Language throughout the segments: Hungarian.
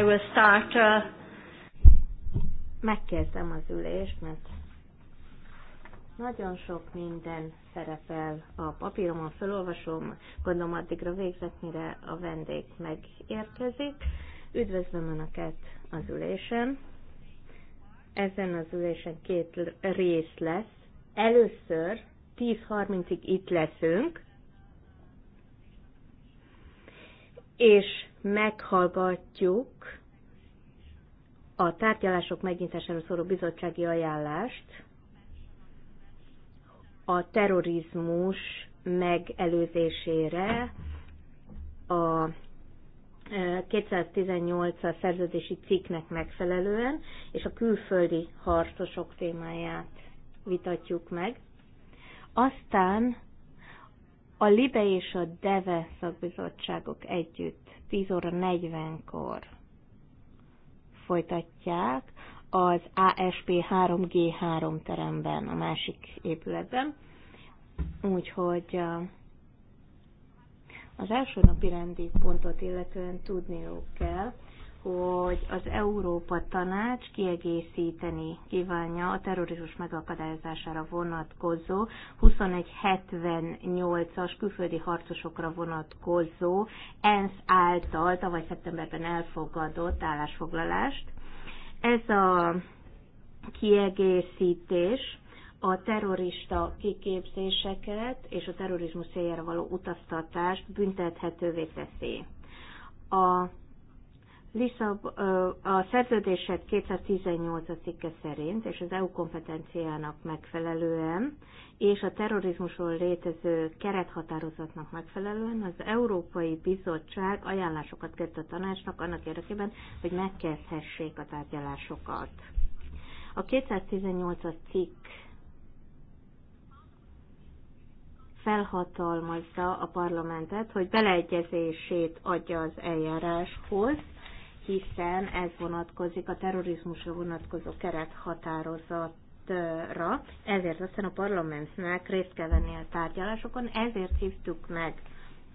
I will start. Uh... Megkezdem az ülést, mert nagyon sok minden szerepel a papíromon, felolvasom, gondolom addigra végzek, mire a vendég megérkezik. Üdvözlöm Önöket az ülésen. Ezen az ülésen két rész lesz. Először 10.30-ig itt leszünk, és meghallgatjuk a tárgyalások megnyitásáról szóló bizottsági ajánlást a terrorizmus megelőzésére a 218 e, as szerződési cikknek megfelelően, és a külföldi harcosok témáját vitatjuk meg. Aztán a LIBE és a DEVE szakbizottságok együtt 10 óra 40-kor folytatják az ASP 3G3 teremben, a másik épületben. Úgyhogy az első napi rendi pontot illetően tudniuk kell, hogy az Európa Tanács kiegészíteni kívánja a terrorizmus megakadályozására vonatkozó 2178-as külföldi harcosokra vonatkozó ENSZ által tavaly szeptemberben elfogadott állásfoglalást. Ez a kiegészítés a terrorista kiképzéseket és a terrorizmus céljára való utaztatást büntethetővé teszi. A Lisszab, a szerződések 218 cikke szerint és az EU kompetenciának megfelelően és a terrorizmusról létező kerethatározatnak megfelelően az Európai Bizottság ajánlásokat tett a tanácsnak annak érdekében, hogy megkezdhessék a tárgyalásokat. A 218 cikk felhatalmazza a parlamentet, hogy beleegyezését adja az eljáráshoz, hiszen ez vonatkozik a terrorizmusra vonatkozó kerethatározatra, ezért aztán a parlamentnek részt kell venni a tárgyalásokon, ezért hívtuk meg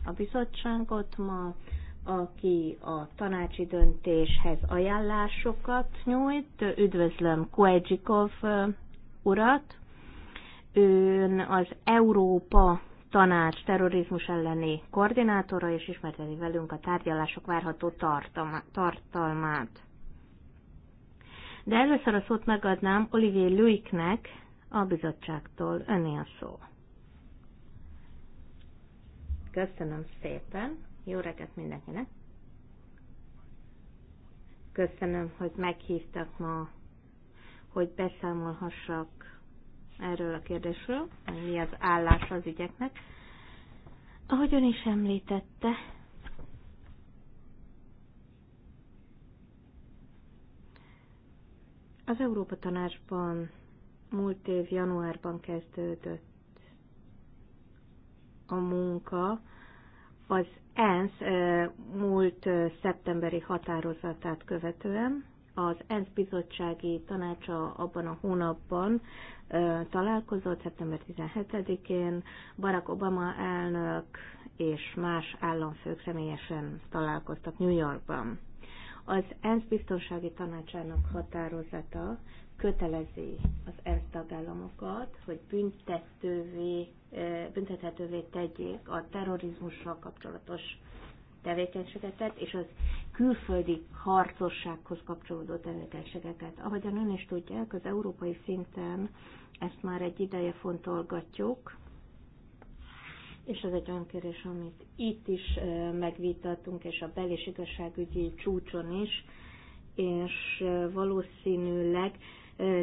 a bizottságot ma, aki a tanácsi döntéshez ajánlásokat nyújt. Üdvözlöm Kuedzsikov urat, ön az Európa tanács terrorizmus elleni koordinátora, és ismerteti velünk a tárgyalások várható tartalma, tartalmát. De először a szót megadnám Olivier Luiknek a bizottságtól. Öné a szó. Köszönöm szépen. Jó reggelt mindenkinek. Köszönöm, hogy meghívtak ma, hogy beszámolhassak erről a kérdésről, hogy mi az állás az ügyeknek. Ahogy ön is említette, az Európa Tanácsban múlt év januárban kezdődött a munka, az ENSZ múlt szeptemberi határozatát követően, az ENSZ bizottsági tanácsa abban a hónapban ö, találkozott, szeptember 17-én. Barack Obama elnök és más államfők személyesen találkoztak New Yorkban. Az ENSZ biztonsági tanácsának határozata kötelezi az ENSZ tagállamokat, hogy büntetővé, büntethetővé tegyék a terrorizmussal kapcsolatos tevékenységeket és az külföldi harcossághoz kapcsolódó tevékenységeket. Ahogyan ön is tudják, az európai szinten ezt már egy ideje fontolgatjuk, és ez egy olyan kérdés, amit itt is megvitattunk és a bel- és igazságügyi csúcson is, és valószínűleg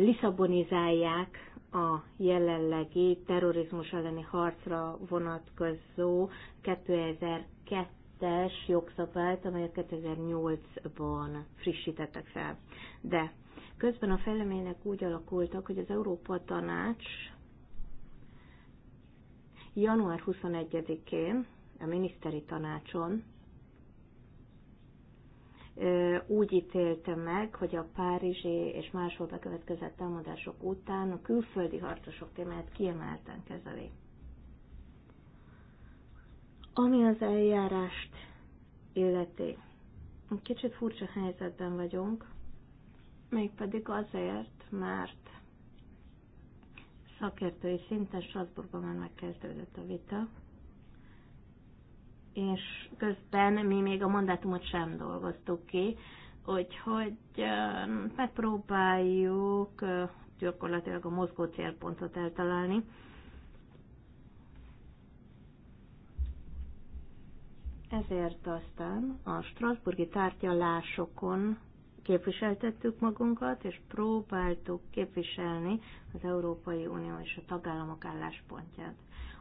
liszabonizálják a jelenlegi terrorizmus elleni harcra vonatkozó 2002 2022-es jogszabályt, amelyet 2008-ban frissítettek fel. De közben a fejlemények úgy alakultak, hogy az Európa Tanács január 21-én a miniszteri tanácson úgy ítélte meg, hogy a párizsi és máshol bekövetkezett támadások után a külföldi harcosok témáját kiemelten kezeli. Ami az eljárást illeti, kicsit furcsa helyzetben vagyunk, mégpedig azért, mert szakértői szinten Strasbourgban már megkezdődött a vita, és közben mi még a mandátumot sem dolgoztuk ki, úgyhogy megpróbáljuk gyakorlatilag a mozgó célpontot eltalálni, Ezért aztán a Strasburgi tárgyalásokon képviseltettük magunkat, és próbáltuk képviselni az Európai Unió és a tagállamok álláspontját.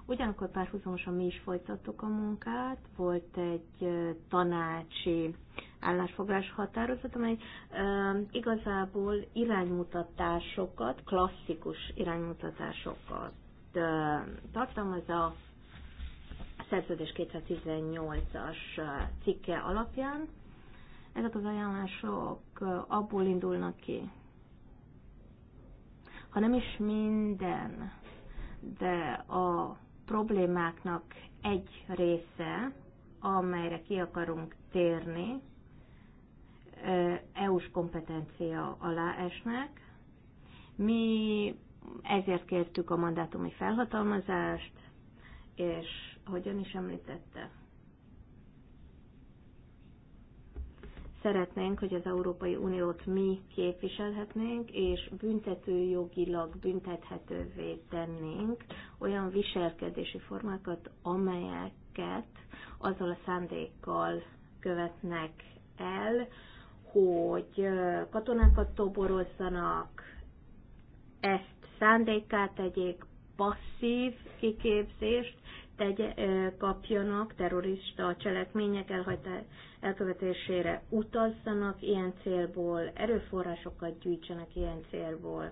Ugyanakkor párhuzamosan mi is folytattuk a munkát, volt egy tanácsi állásfoglás határozat, amely e, igazából iránymutatásokat, klasszikus iránymutatásokat e, tartalmaz a szerződés 218-as cikke alapján. Ezek az ajánlások abból indulnak ki, ha nem is minden, de a problémáknak egy része, amelyre ki akarunk térni, EU-s kompetencia alá esnek. Mi ezért kértük a mandátumi felhatalmazást, és ahogy ön is említette. Szeretnénk, hogy az Európai Uniót mi képviselhetnénk, és büntetőjogilag büntethetővé tennénk olyan viselkedési formákat, amelyeket azzal a szándékkal követnek el, hogy katonákat toborozzanak, ezt szándékát tegyék, passzív kiképzést, tegye, kapjanak terrorista cselekmények elkövetésére, utazzanak ilyen célból, erőforrásokat gyűjtsenek ilyen célból,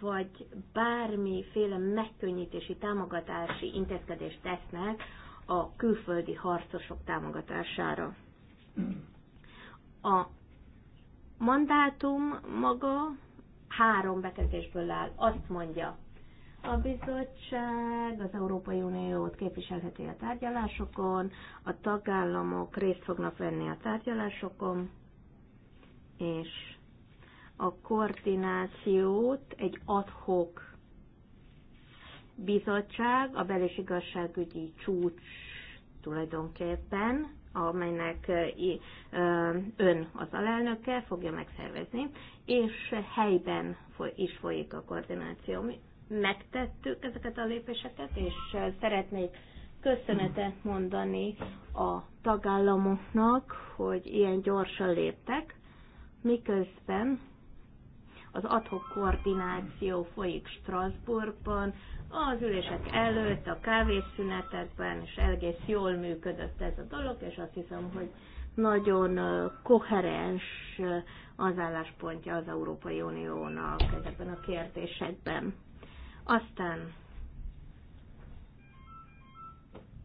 vagy bármiféle megkönnyítési, támogatási intézkedést tesznek a külföldi harcosok támogatására. A mandátum maga három bekezdésből áll. Azt mondja, a bizottság az Európai Uniót képviselheti a tárgyalásokon, a tagállamok részt fognak venni a tárgyalásokon, és a koordinációt egy adhok bizottság, a belés igazságügyi csúcs tulajdonképpen, amelynek ön az alelnöke fogja megszervezni, és helyben is folyik a koordináció megtettük ezeket a lépéseket, és szeretnék köszönetet mondani a tagállamoknak, hogy ilyen gyorsan léptek, miközben az adhok koordináció folyik Strasbourgban, az ülések előtt, a kávészünetekben, és egész jól működött ez a dolog, és azt hiszem, hogy nagyon koherens az álláspontja az Európai Uniónak ezekben a kérdésekben. Aztán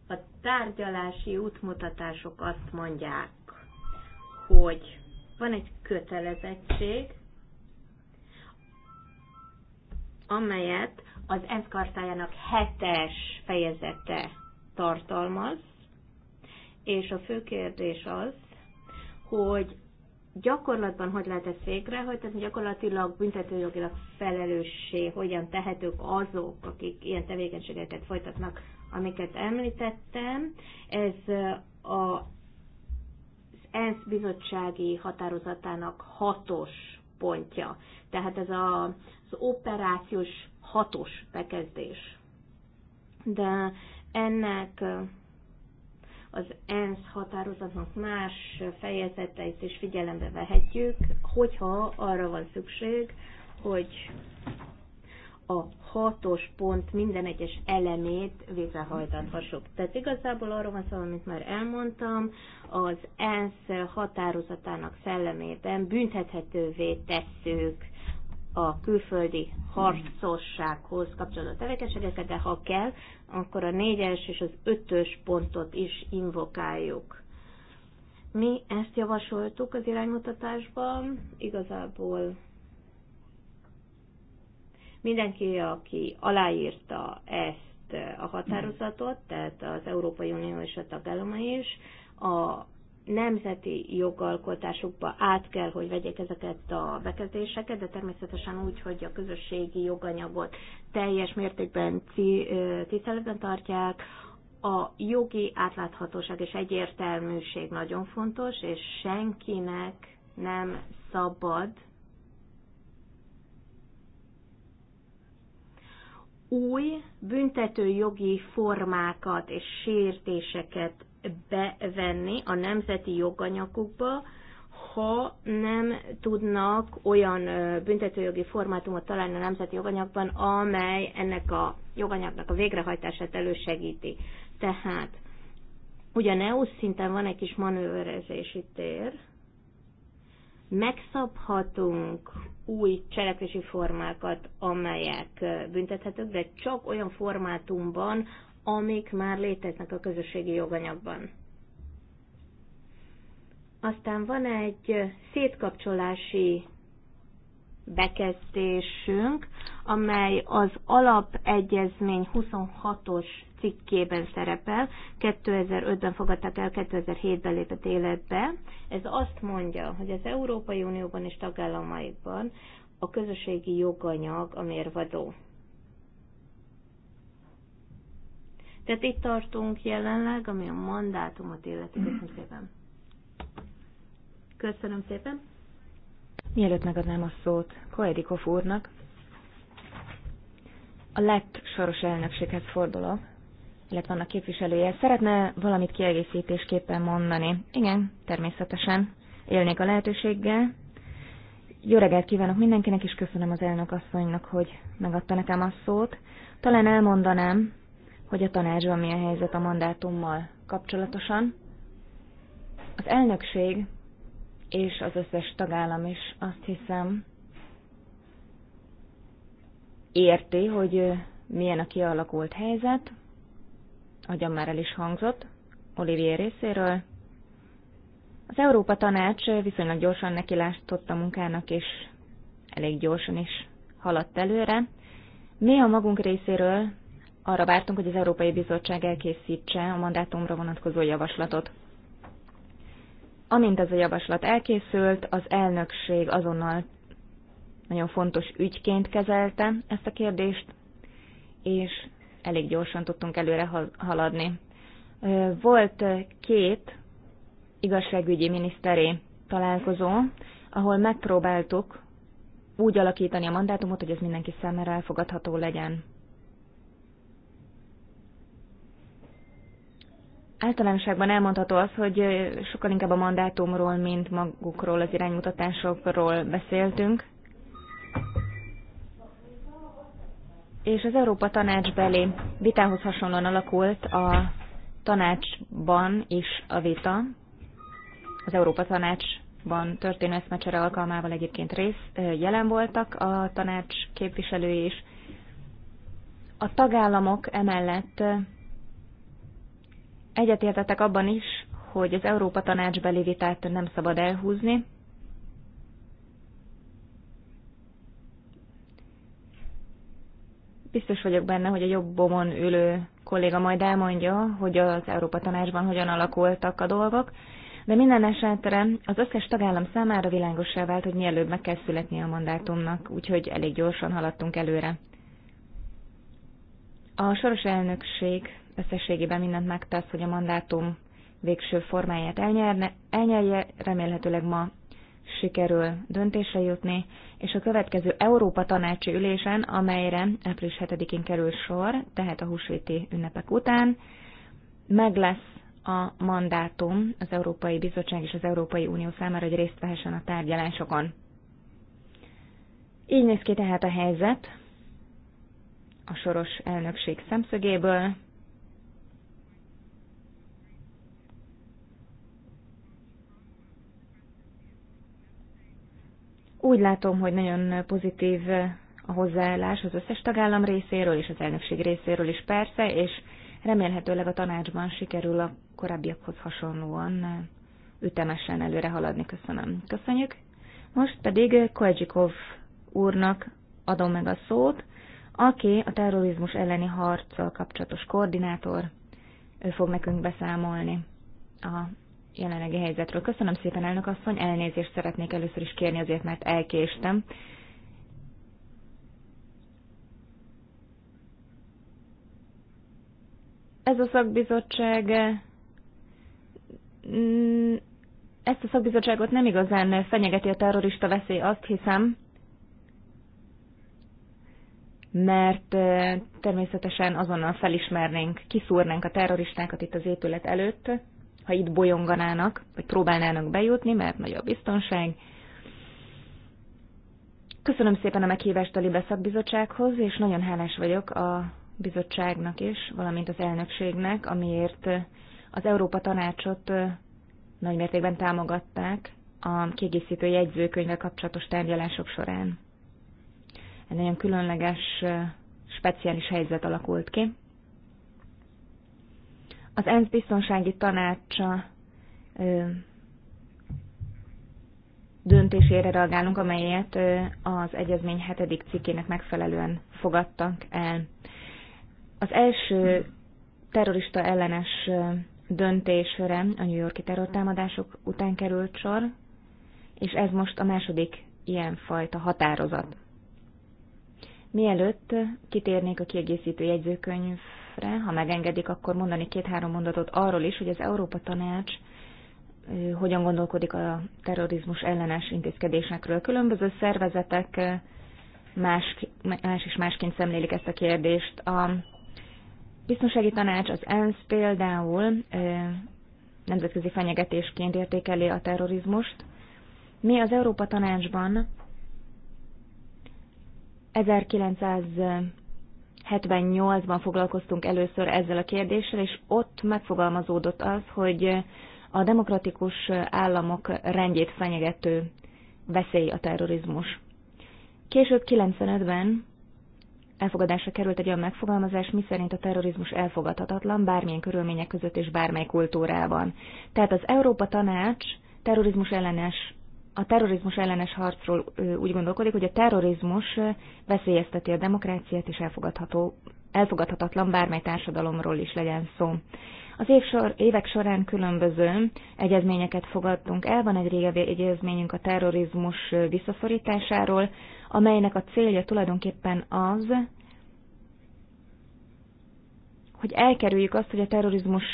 a tárgyalási útmutatások azt mondják, hogy van egy kötelezettség, amelyet az ENSZ hetes fejezete tartalmaz, és a fő kérdés az, hogy gyakorlatban hogy lehet ezt végrehajtani, gyakorlatilag büntetőjogilag felelőssé hogyan tehetők azok, akik ilyen tevékenységeket folytatnak, amiket említettem. Ez a ENSZ bizottsági határozatának hatos pontja. Tehát ez a, az operációs hatos bekezdés. De ennek az ENSZ határozatnak más fejezeteit is figyelembe vehetjük, hogyha arra van szükség, hogy a hatos pont minden egyes elemét végrehajtathassuk. Tehát igazából arról van szó, amit már elmondtam, az ENSZ határozatának szellemében büntethetővé tesszük a külföldi harcossághoz kapcsolódó tevékenységeket, de ha kell, akkor a négyes és az ötös pontot is invokáljuk. Mi ezt javasoltuk az iránymutatásban, igazából mindenki, aki aláírta ezt a határozatot, tehát az Európai Unió és a tagállama is, a nemzeti jogalkotásukba át kell, hogy vegyék ezeket a bekezdéseket, de természetesen úgy, hogy a közösségi joganyagot teljes mértékben tiszteletben tartják, a jogi átláthatóság és egyértelműség nagyon fontos, és senkinek nem szabad új büntető jogi formákat és sértéseket bevenni a nemzeti joganyagukba, ha nem tudnak olyan büntetőjogi formátumot találni a nemzeti joganyagban, amely ennek a joganyagnak a végrehajtását elősegíti. Tehát ugye EU szinten van egy kis manőverezési tér, megszabhatunk új cselekvési formákat, amelyek büntethetők, de csak olyan formátumban, amik már léteznek a közösségi joganyagban. Aztán van egy szétkapcsolási bekezdésünk, amely az alapegyezmény 26-os cikkében szerepel, 2005-ben fogadták el, 2007-ben lépett életbe. Ez azt mondja, hogy az Európai Unióban és tagállamaiban a közösségi joganyag a mérvadó. Tehát itt tartunk jelenleg, ami a mandátumot illeti. Köszönöm szépen. Köszönöm szépen. Mielőtt megadnám a szót Koedikov úrnak, a lett soros elnökséghez fordulok, illetve annak képviselője. Szeretne valamit kiegészítésképpen mondani? Igen, természetesen. Élnék a lehetőséggel. Jó reggelt kívánok mindenkinek, és köszönöm az elnök asszonynak, hogy megadta nekem a szót. Talán elmondanám, hogy a tanácsban milyen helyzet a mandátummal kapcsolatosan. Az elnökség és az összes tagállam is azt hiszem érti, hogy milyen a kialakult helyzet, ahogyan már el is hangzott Olivier részéről. Az Európa Tanács viszonylag gyorsan nekilátott a munkának, és elég gyorsan is haladt előre. Mi a magunk részéről arra vártunk, hogy az Európai Bizottság elkészítse a mandátumra vonatkozó javaslatot. Amint ez a javaslat elkészült, az elnökség azonnal nagyon fontos ügyként kezelte ezt a kérdést, és elég gyorsan tudtunk előre haladni. Volt két igazságügyi miniszteré találkozó, ahol megpróbáltuk úgy alakítani a mandátumot, hogy ez mindenki számára elfogadható legyen. Általánosságban elmondható az, hogy sokkal inkább a mandátumról, mint magukról, az iránymutatásokról beszéltünk. És az Európa tanácsbeli vitához hasonlóan alakult a tanácsban is a vita, az Európa tanácsban történő eszmecsere alkalmával egyébként rész, jelen voltak a tanács képviselői is. A tagállamok emellett Egyetértetek abban is, hogy az Európa tanácsbeli vitát nem szabad elhúzni. Biztos vagyok benne, hogy a jobbomon ülő kolléga majd elmondja, hogy az Európa tanácsban hogyan alakultak a dolgok, de minden esetre az összes tagállam számára világosá vált, hogy mielőbb meg kell születni a mandátumnak, úgyhogy elég gyorsan haladtunk előre. A soros elnökség összességében mindent megtesz, hogy a mandátum végső formáját elnyerne, elnyelje, remélhetőleg ma sikerül döntésre jutni, és a következő Európa tanácsi ülésen, amelyre április 7-én kerül sor, tehát a húsvéti ünnepek után, meg lesz a mandátum az Európai Bizottság és az Európai Unió számára, hogy részt vehessen a tárgyalásokon. Így néz ki tehát a helyzet a soros elnökség szemszögéből. Úgy látom, hogy nagyon pozitív a hozzáállás az összes tagállam részéről és az elnökség részéről is persze, és remélhetőleg a tanácsban sikerül a korábbiakhoz hasonlóan ütemesen előre haladni. Köszönöm. Köszönjük. Most pedig Koedzsikov úrnak adom meg a szót, aki a terrorizmus elleni harccal kapcsolatos koordinátor, ő fog nekünk beszámolni a jelenlegi helyzetről. Köszönöm szépen, elnök asszony, elnézést szeretnék először is kérni azért, mert elkéstem. Ez a szakbizottság mm, ezt a szakbizottságot nem igazán fenyegeti a terrorista veszély, azt hiszem, mert természetesen azonnal felismernénk, kiszúrnánk a terroristákat itt az épület előtt, ha itt bolyonganának, vagy próbálnának bejutni, mert nagy a biztonság. Köszönöm szépen a meghívást a Libe és nagyon hálás vagyok a bizottságnak is, valamint az elnökségnek, amiért az Európa Tanácsot nagymértékben támogatták a kiegészítő jegyzőkönyvvel kapcsolatos tárgyalások során. Egy nagyon különleges, speciális helyzet alakult ki az ENSZ biztonsági tanácsa ö, döntésére reagálunk, amelyet az egyezmény hetedik cikkének megfelelően fogadtak el. Az első terrorista ellenes döntésre a New Yorki terrortámadások után került sor, és ez most a második ilyenfajta határozat. Mielőtt kitérnék a kiegészítő jegyzőkönyv Olafra, ha megengedik, akkor mondani két-három mondatot arról is, hogy az Európa Tanács hogyan gondolkodik a terrorizmus ellenes intézkedésekről. Különböző szervezetek más, más és másként szemlélik ezt a kérdést. A biztonsági tanács, az ENSZ például nemzetközi fenyegetésként értékeli a terrorizmust. Mi az Európa Tanácsban 1900 78-ban foglalkoztunk először ezzel a kérdéssel, és ott megfogalmazódott az, hogy a demokratikus államok rendjét fenyegető veszély a terrorizmus. Később 95-ben elfogadásra került egy olyan megfogalmazás, miszerint a terrorizmus elfogadhatatlan bármilyen körülmények között és bármely kultúrában. Tehát az Európa Tanács terrorizmus ellenes a terrorizmus ellenes harcról úgy gondolkodik, hogy a terrorizmus veszélyezteti a demokráciát, és elfogadható, elfogadhatatlan bármely társadalomról is legyen szó. Az év sor, évek során különböző egyezményeket fogadtunk el. Van egy régebbi egyezményünk a terrorizmus visszaszorításáról, amelynek a célja tulajdonképpen az, hogy elkerüljük azt, hogy a terrorizmus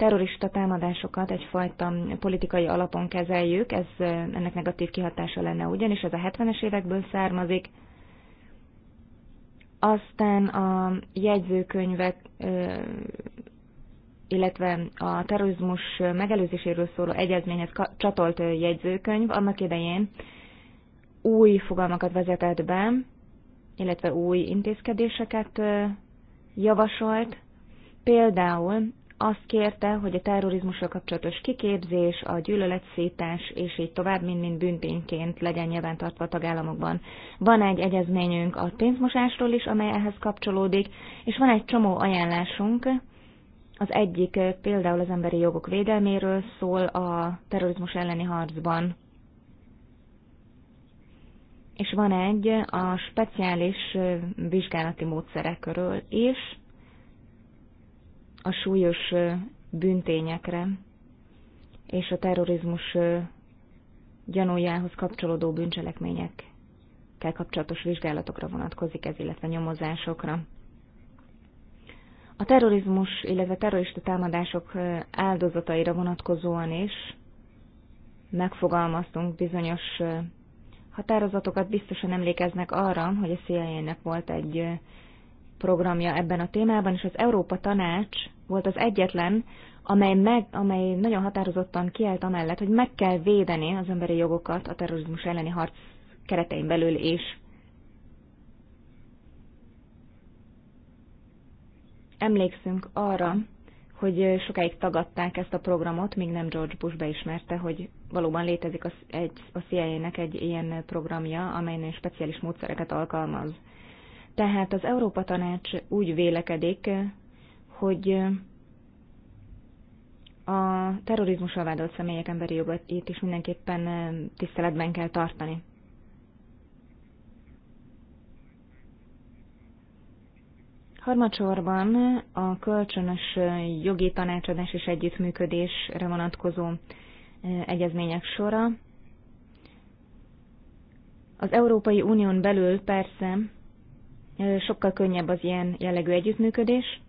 terrorista támadásokat egyfajta politikai alapon kezeljük, ez ennek negatív kihatása lenne ugyanis, ez a 70-es évekből származik. Aztán a jegyzőkönyvek, illetve a terrorizmus megelőzéséről szóló egyezményhez csatolt jegyzőkönyv annak idején új fogalmakat vezetett be, illetve új intézkedéseket javasolt, például azt kérte, hogy a terrorizmusra kapcsolatos kiképzés, a gyűlöletszítás és így tovább mint, mind büntényként legyen nyilvántartva a tagállamokban. Van egy egyezményünk a pénzmosásról is, amely ehhez kapcsolódik, és van egy csomó ajánlásunk, az egyik eh, például az emberi jogok védelméről szól a terrorizmus elleni harcban. És van egy a speciális eh, vizsgálati módszerekről is, a súlyos bűntényekre és a terrorizmus gyanújához kapcsolódó bűncselekményekkel kapcsolatos vizsgálatokra vonatkozik ez, illetve nyomozásokra. A terrorizmus, illetve terrorista támadások áldozataira vonatkozóan is megfogalmaztunk bizonyos határozatokat, biztosan emlékeznek arra, hogy a CIA-nek volt egy programja ebben a témában, és az Európa Tanács volt az egyetlen, amely, meg, amely nagyon határozottan kiállt amellett, hogy meg kell védeni az emberi jogokat a terrorizmus elleni harc keretein belül is. Emlékszünk arra, hogy sokáig tagadták ezt a programot, míg nem George Bush beismerte, hogy valóban létezik a, egy, a CIA-nek egy ilyen programja, amelynél speciális módszereket alkalmaz tehát az Európa Tanács úgy vélekedik, hogy a terrorizmus vádolt személyek emberi jogait is mindenképpen tiszteletben kell tartani. Harmadsorban a kölcsönös jogi tanácsadás és együttműködésre vonatkozó eh, egyezmények sora. Az Európai Unión belül persze sokkal könnyebb az ilyen jellegű együttműködés,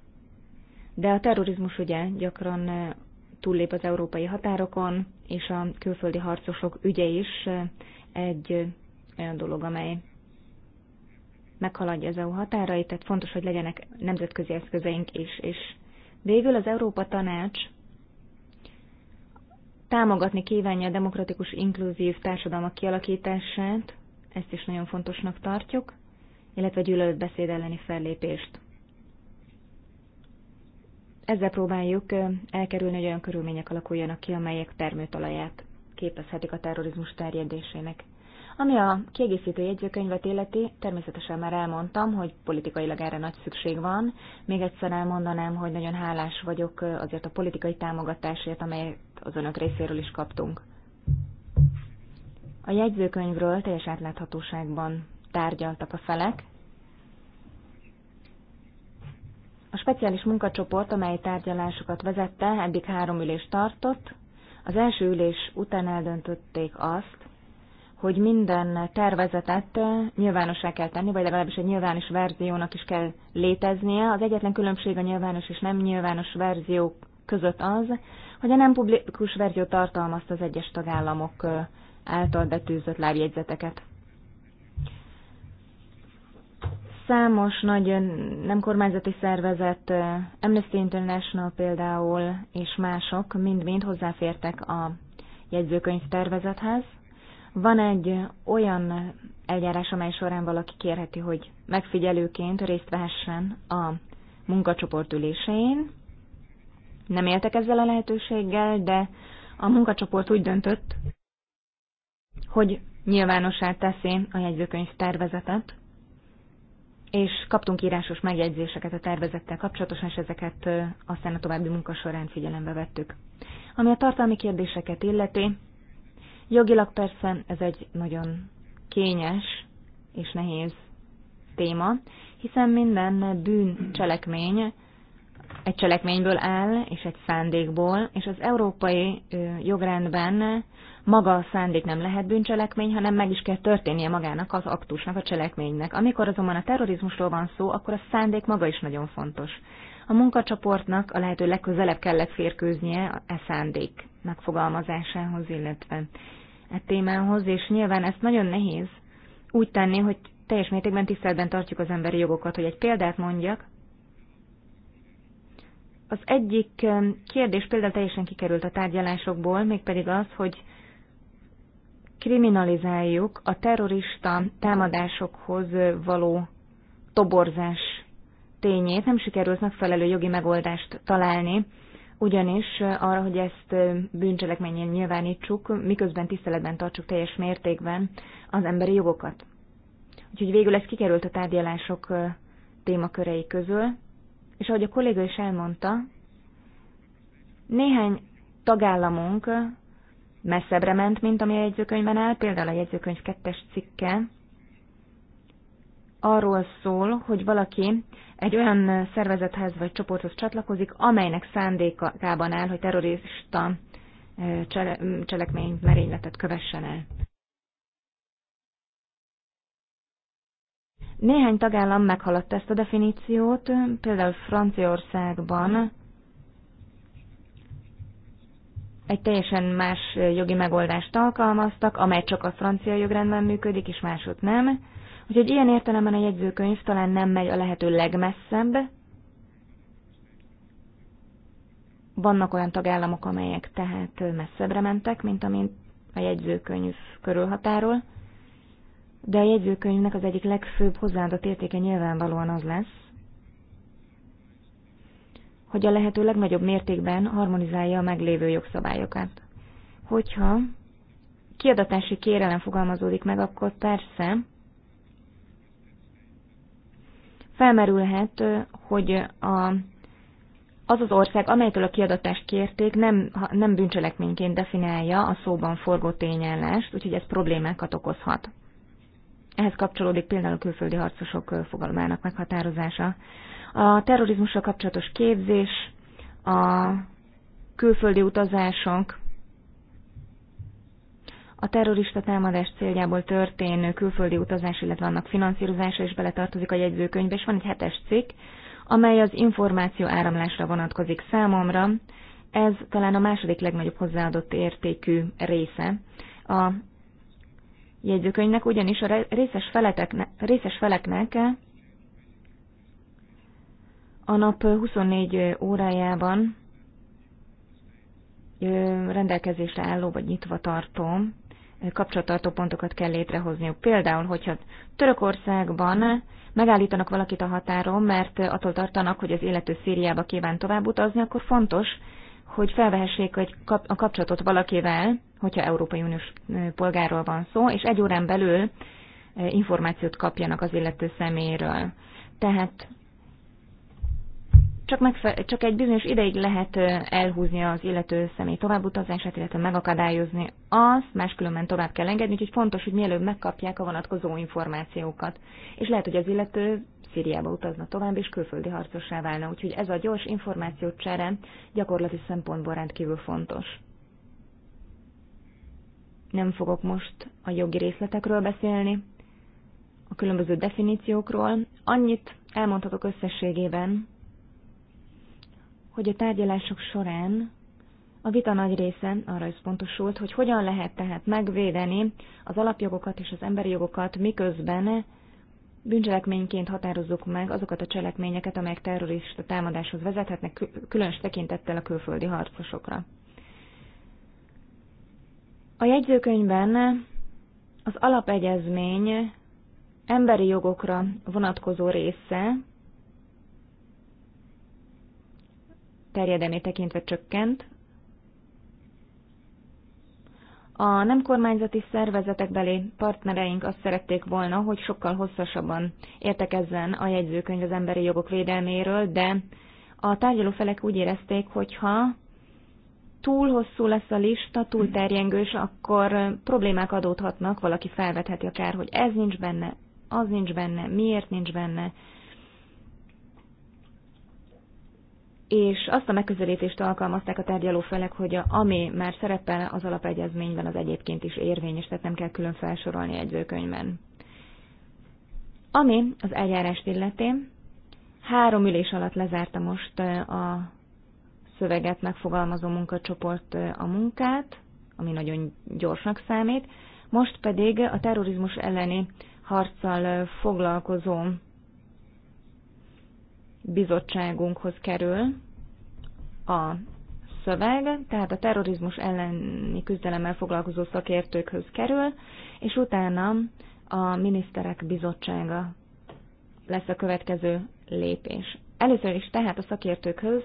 de a terrorizmus ugye gyakran túllép az európai határokon, és a külföldi harcosok ügye is egy olyan dolog, amely meghaladja az EU határait, tehát fontos, hogy legyenek nemzetközi eszközeink is. És végül az Európa Tanács támogatni kívánja a demokratikus inkluzív társadalmak kialakítását, ezt is nagyon fontosnak tartjuk, illetve gyűlöletbeszéd elleni fellépést. Ezzel próbáljuk elkerülni, hogy olyan körülmények alakuljanak ki, amelyek termőtalaját képezhetik a terrorizmus terjedésének. Ami a kiegészítő jegyzőkönyvet illeti, természetesen már elmondtam, hogy politikailag erre nagy szükség van. Még egyszer elmondanám, hogy nagyon hálás vagyok azért a politikai támogatásért, amelyet az önök részéről is kaptunk. A jegyzőkönyvről teljes átláthatóságban tárgyaltak a felek. A speciális munkacsoport, amely tárgyalásokat vezette, eddig három ülést tartott. Az első ülés után eldöntötték azt, hogy minden tervezetet nyilvánossá kell tenni, vagy legalábbis egy nyilvános verziónak is kell léteznie. Az egyetlen különbség a nyilvános és nem nyilvános verzió között az, hogy a nem publikus verzió tartalmazta az egyes tagállamok által betűzött lábjegyzeteket. Számos nagy nem kormányzati szervezet, Amnesty International például, és mások mind-mind hozzáfértek a jegyzőkönyv tervezethez. Van egy olyan eljárás, amely során valaki kérheti, hogy megfigyelőként részt vehessen a munkacsoport ülésein. Nem éltek ezzel a lehetőséggel, de a munkacsoport úgy döntött, hogy nyilvánossá teszi a jegyzőkönyv tervezetet, és kaptunk írásos megjegyzéseket a tervezettel kapcsolatosan, és ezeket aztán a további munka során figyelembe vettük. Ami a tartalmi kérdéseket illeti, jogilag persze ez egy nagyon kényes és nehéz téma, hiszen minden bűncselekmény egy cselekményből áll, és egy szándékból, és az európai jogrendben maga a szándék nem lehet bűncselekmény, hanem meg is kell történnie magának az aktusnak, a cselekménynek. Amikor azonban a terrorizmusról van szó, akkor a szándék maga is nagyon fontos. A munkacsoportnak a lehető legközelebb kellett férkőznie e szándék megfogalmazásához, illetve e témához, és nyilván ezt nagyon nehéz úgy tenni, hogy teljes mértékben tiszteletben tartjuk az emberi jogokat, hogy egy példát mondjak, az egyik kérdés például teljesen kikerült a tárgyalásokból, mégpedig az, hogy kriminalizáljuk a terrorista támadásokhoz való toborzás tényét, nem sikerült megfelelő jogi megoldást találni, ugyanis arra, hogy ezt bűncselekményen nyilvánítsuk, miközben tiszteletben tartsuk teljes mértékben az emberi jogokat. Úgyhogy végül ez kikerült a tárgyalások témakörei közül, és ahogy a kolléga is elmondta, néhány tagállamunk messzebbre ment, mint ami a jegyzőkönyvben áll, például a jegyzőkönyv kettes cikke arról szól, hogy valaki egy olyan szervezethez vagy csoporthoz csatlakozik, amelynek szándékában áll, hogy terrorista cselekményt, merényletet kövessen el. Néhány tagállam meghaladta ezt a definíciót, például Franciaországban egy teljesen más jogi megoldást alkalmaztak, amely csak a francia jogrendben működik, és másod nem. Úgyhogy ilyen értelemben a jegyzőkönyv talán nem megy a lehető legmesszebb. Vannak olyan tagállamok, amelyek tehát messzebbre mentek, mint amint a jegyzőkönyv körülhatárol de a jegyzőkönyvnek az egyik legfőbb hozzáadott értéke nyilvánvalóan az lesz, hogy a lehető legnagyobb mértékben harmonizálja a meglévő jogszabályokat. Hogyha kiadatási kérelem fogalmazódik meg, akkor persze felmerülhet, hogy a, az az ország, amelytől a kiadatást kérték, nem, nem bűncselekményként definálja a szóban forgó tényállást, úgyhogy ez problémákat okozhat. Ehhez kapcsolódik például a külföldi harcosok fogalmának meghatározása. A terrorizmussal kapcsolatos képzés, a külföldi utazások, a terrorista támadás céljából történő külföldi utazás, illetve annak finanszírozása is beletartozik a jegyzőkönyvbe, és van egy hetes cikk, amely az információ áramlásra vonatkozik számomra. Ez talán a második legnagyobb hozzáadott értékű része a jegyzőkönyvnek, ugyanis a részes, részes feleknek a nap 24 órájában rendelkezésre álló vagy nyitva tartó kapcsolattartó pontokat kell létrehozniuk. Például, hogyha Törökországban megállítanak valakit a határon, mert attól tartanak, hogy az élető Szíriába kíván tovább utazni, akkor fontos, hogy felvehessék a kapcsolatot valakivel, hogyha Európai Uniós polgárról van szó, és egy órán belül információt kapjanak az illető személyről. Tehát csak, megfe- csak egy bizonyos ideig lehet elhúzni az illető személy továbbutazását, illetve megakadályozni azt, máskülönben tovább kell engedni, úgyhogy fontos, hogy mielőbb megkapják a vonatkozó információkat. És lehet, hogy az illető Szíriába utazna tovább, és külföldi harcossá válna, úgyhogy ez a gyors információcsere gyakorlati szempontból rendkívül fontos nem fogok most a jogi részletekről beszélni, a különböző definíciókról. Annyit elmondhatok összességében, hogy a tárgyalások során a vita nagy része arra is pontosult, hogy hogyan lehet tehát megvédeni az alapjogokat és az emberi jogokat, miközben bűncselekményként határozzuk meg azokat a cselekményeket, amelyek terrorista támadáshoz vezethetnek, különös tekintettel a külföldi harcosokra. A jegyzőkönyvben az alapegyezmény emberi jogokra vonatkozó része terjedelmé tekintve csökkent. A nem kormányzati szervezetek belé partnereink azt szerették volna, hogy sokkal hosszasabban értekezzen a jegyzőkönyv az emberi jogok védelméről, de a tárgyalófelek úgy érezték, hogy ha túl hosszú lesz a lista, túl terjengős, akkor problémák adódhatnak, valaki felvetheti akár, hogy ez nincs benne, az nincs benne, miért nincs benne. És azt a megközelítést alkalmazták a tárgyaló felek, hogy a, ami már szerepel az alapegyezményben, az egyébként is érvényes, tehát nem kell külön felsorolni jegyzőkönyvben. Ami az eljárást illeti, három ülés alatt lezárta most a szöveget megfogalmazó munkacsoport a munkát, ami nagyon gyorsnak számít, most pedig a terrorizmus elleni harccal foglalkozó bizottságunkhoz kerül a szöveg, tehát a terrorizmus elleni küzdelemmel foglalkozó szakértőkhöz kerül, és utána a miniszterek bizottsága lesz a következő lépés. Először is tehát a szakértőkhöz,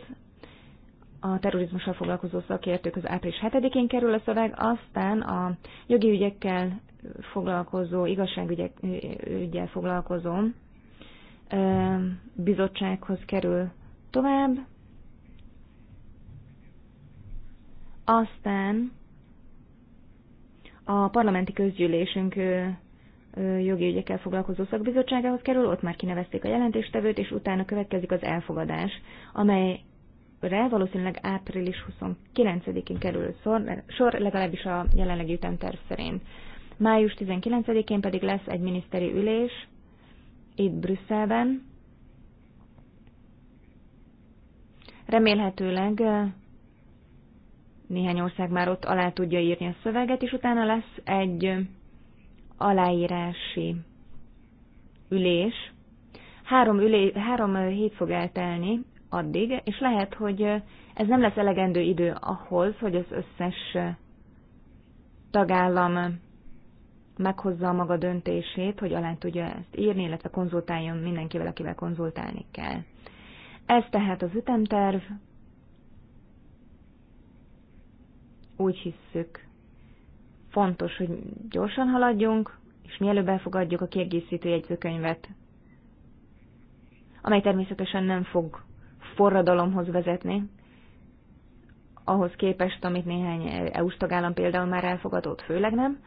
a terrorizmussal foglalkozó szakértők az április 7-én kerül a szöveg, aztán a jogi ügyekkel foglalkozó, igazságügyekkel foglalkozó bizottsághoz kerül tovább. Aztán a parlamenti közgyűlésünk jogi ügyekkel foglalkozó szakbizottságához kerül, ott már kinevezték a jelentéstevőt, és utána következik az elfogadás, amely re valószínűleg április 29-én kerül sor, sor, legalábbis a jelenlegi ütemterv szerint. Május 19-én pedig lesz egy miniszteri ülés itt Brüsszelben. Remélhetőleg néhány ország már ott alá tudja írni a szöveget, és utána lesz egy aláírási ülés. Három, ülé, három hét fog eltelni addig, és lehet, hogy ez nem lesz elegendő idő ahhoz, hogy az összes tagállam meghozza a maga döntését, hogy alá tudja ezt írni, illetve konzultáljon mindenkivel, akivel konzultálni kell. Ez tehát az ütemterv. Úgy hisszük, fontos, hogy gyorsan haladjunk, és mielőbb elfogadjuk a kiegészítő jegyzőkönyvet, amely természetesen nem fog forradalomhoz vezetni, ahhoz képest, amit néhány EU-s tagállam például már elfogadott, főleg nem.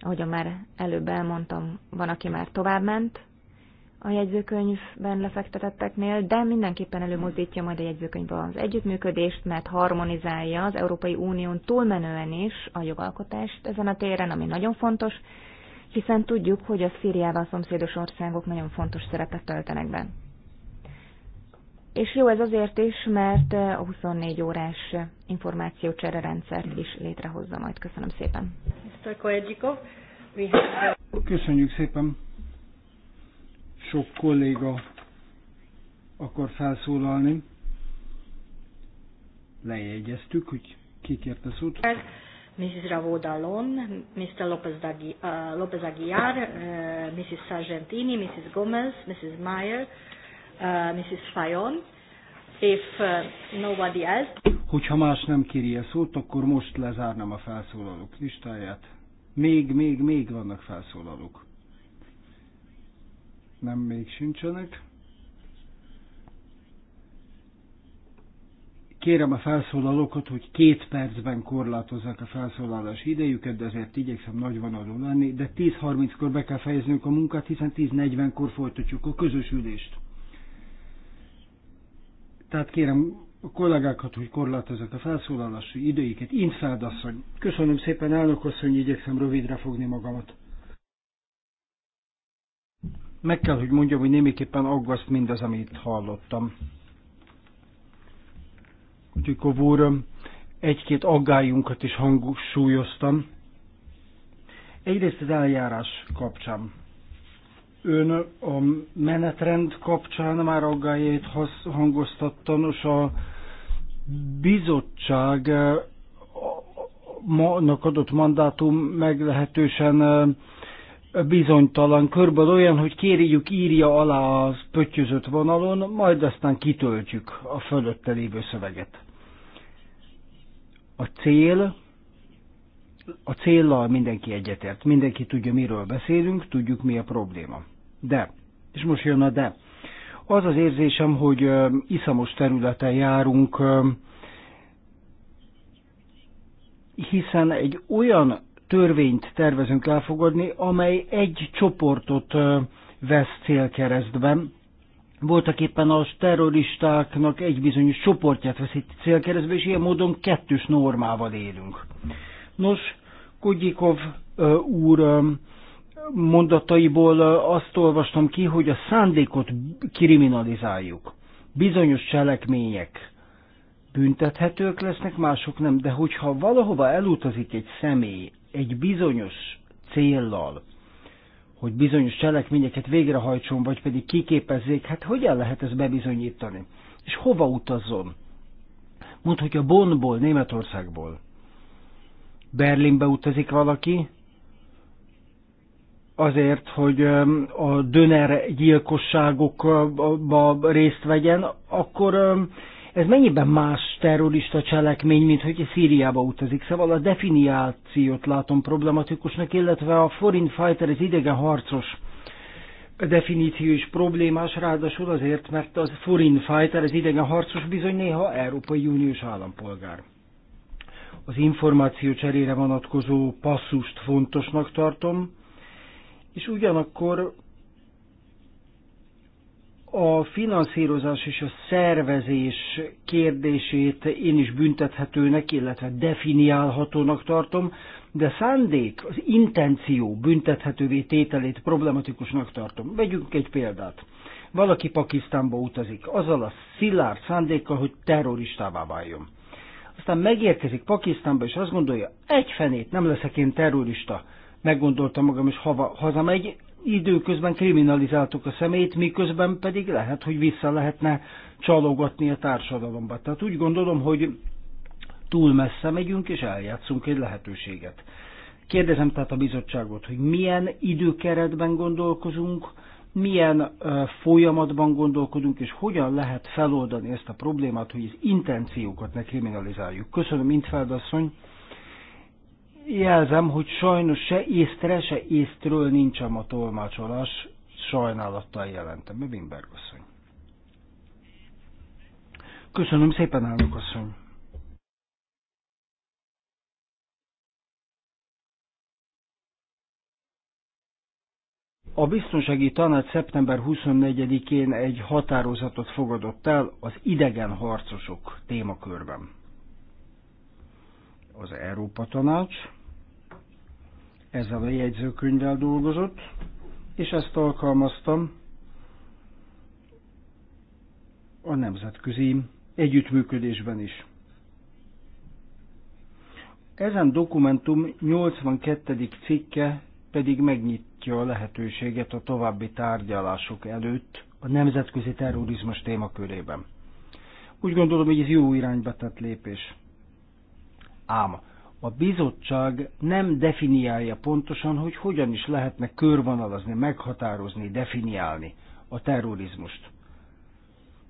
Ahogyan már előbb elmondtam, van, aki már továbbment a jegyzőkönyvben lefektetetteknél, de mindenképpen előmozdítja majd a jegyzőkönyvben az együttműködést, mert harmonizálja az Európai Unión túlmenően is a jogalkotást ezen a téren, ami nagyon fontos, hiszen tudjuk, hogy a Szíriával szomszédos országok nagyon fontos szerepet töltenek be. És jó ez azért is, mert a 24 órás információcsere rendszert is létrehozza majd. Köszönöm szépen. Köszönjük szépen. Sok kolléga akar felszólalni. Lejegyeztük, hogy ki kérte szót. Mrs. Ravodalon, Mr. Lopez, Aguiar, Mrs. Sargentini, Mrs. Gomez, Mrs. Meyer, Uh, Mrs. Fajon. If uh, nobody else... Hogyha más nem kéri a szót, akkor most lezárnám a felszólalók listáját. Még, még, még vannak felszólalók. Nem, még sincsenek. Kérem a felszólalókat, hogy két percben korlátozzák a felszólalás idejüket, de ezért igyekszem nagy vonalú lenni, de 10.30-kor be kell fejeznünk a munkát, hiszen 10.40-kor folytatjuk a közös ülést. Tehát kérem a kollégákat, hogy korlátozzák a felszólalási időiket. Infeld asszony. Köszönöm szépen, elnök asszony, igyekszem rövidre fogni magamat. Meg kell, hogy mondjam, hogy némiképpen aggaszt mindaz, amit hallottam. Gyükov úr, egy-két aggályunkat is hangsúlyoztam. Egyrészt az eljárás kapcsán Ön a menetrend kapcsán már aggájait hangoztatta, és a bizottság eh, ma adott mandátum meglehetősen eh, bizonytalan, körben olyan, hogy kérjük írja alá az pöttyözött vonalon, majd aztán kitöltjük a fölötte lévő szöveget. A cél, a céllal mindenki egyetért, mindenki tudja, miről beszélünk, tudjuk, mi a probléma de, és most jön a de. Az az érzésem, hogy iszamos területen járunk, hiszen egy olyan törvényt tervezünk elfogadni, amely egy csoportot vesz célkeresztben, voltak éppen a terroristáknak egy bizonyos csoportját itt célkeresztben, és ilyen módon kettős normával élünk. Nos, Kudjikov úr mondataiból azt olvastam ki, hogy a szándékot kriminalizáljuk. Bizonyos cselekmények büntethetők lesznek, mások nem, de hogyha valahova elutazik egy személy egy bizonyos céllal, hogy bizonyos cselekményeket végrehajtson, vagy pedig kiképezzék, hát hogyan lehet ezt bebizonyítani? És hova utazzon? Mondd, hogy a Bonnból, Németországból. Berlinbe utazik valaki, azért, hogy a döner gyilkosságokba részt vegyen, akkor ez mennyiben más terrorista cselekmény, mint hogy Szíriába utazik? Szóval a definiációt látom problematikusnak, illetve a foreign fighter, az idegen harcos definíció is problémás, ráadásul azért, mert az foreign fighter, az idegen harcos bizony néha Európai Uniós állampolgár. Az információ cserére vonatkozó passzust fontosnak tartom, és ugyanakkor a finanszírozás és a szervezés kérdését én is büntethetőnek, illetve definiálhatónak tartom, de szándék, az intenció büntethetővé tételét problematikusnak tartom. Vegyünk egy példát. Valaki Pakisztánba utazik, azzal a szilárd szándékkal, hogy terroristává váljon. Aztán megérkezik Pakisztánba, és azt gondolja, egy fenét nem leszek én terrorista. Meggondoltam magam, és hava, hazamegy, időközben kriminalizáltuk a szemét, miközben pedig lehet, hogy vissza lehetne csalogatni a társadalomba. Tehát úgy gondolom, hogy túl messze megyünk, és eljátszunk egy lehetőséget. Kérdezem tehát a bizottságot, hogy milyen időkeretben gondolkozunk, milyen folyamatban gondolkodunk, és hogyan lehet feloldani ezt a problémát, hogy az intenciókat ne kriminalizáljuk. Köszönöm, Intfeld asszony jelzem, hogy sajnos se észtre, se észtről nincs a tolmácsolás, sajnálattal jelentem be, Bimberg asszony. Köszönöm szépen, elnök asszony. A biztonsági tanács szeptember 24-én egy határozatot fogadott el az idegen harcosok témakörben. Az Európa Tanács ezzel a jegyzőkönyvvel dolgozott, és ezt alkalmaztam a nemzetközi együttműködésben is. Ezen dokumentum 82. cikke pedig megnyitja a lehetőséget a további tárgyalások előtt a nemzetközi terrorizmus témakörében. Úgy gondolom, hogy ez jó irányba tett lépés. Ám a bizottság nem definiálja pontosan, hogy hogyan is lehetne körvonalazni, meghatározni, definiálni a terrorizmust.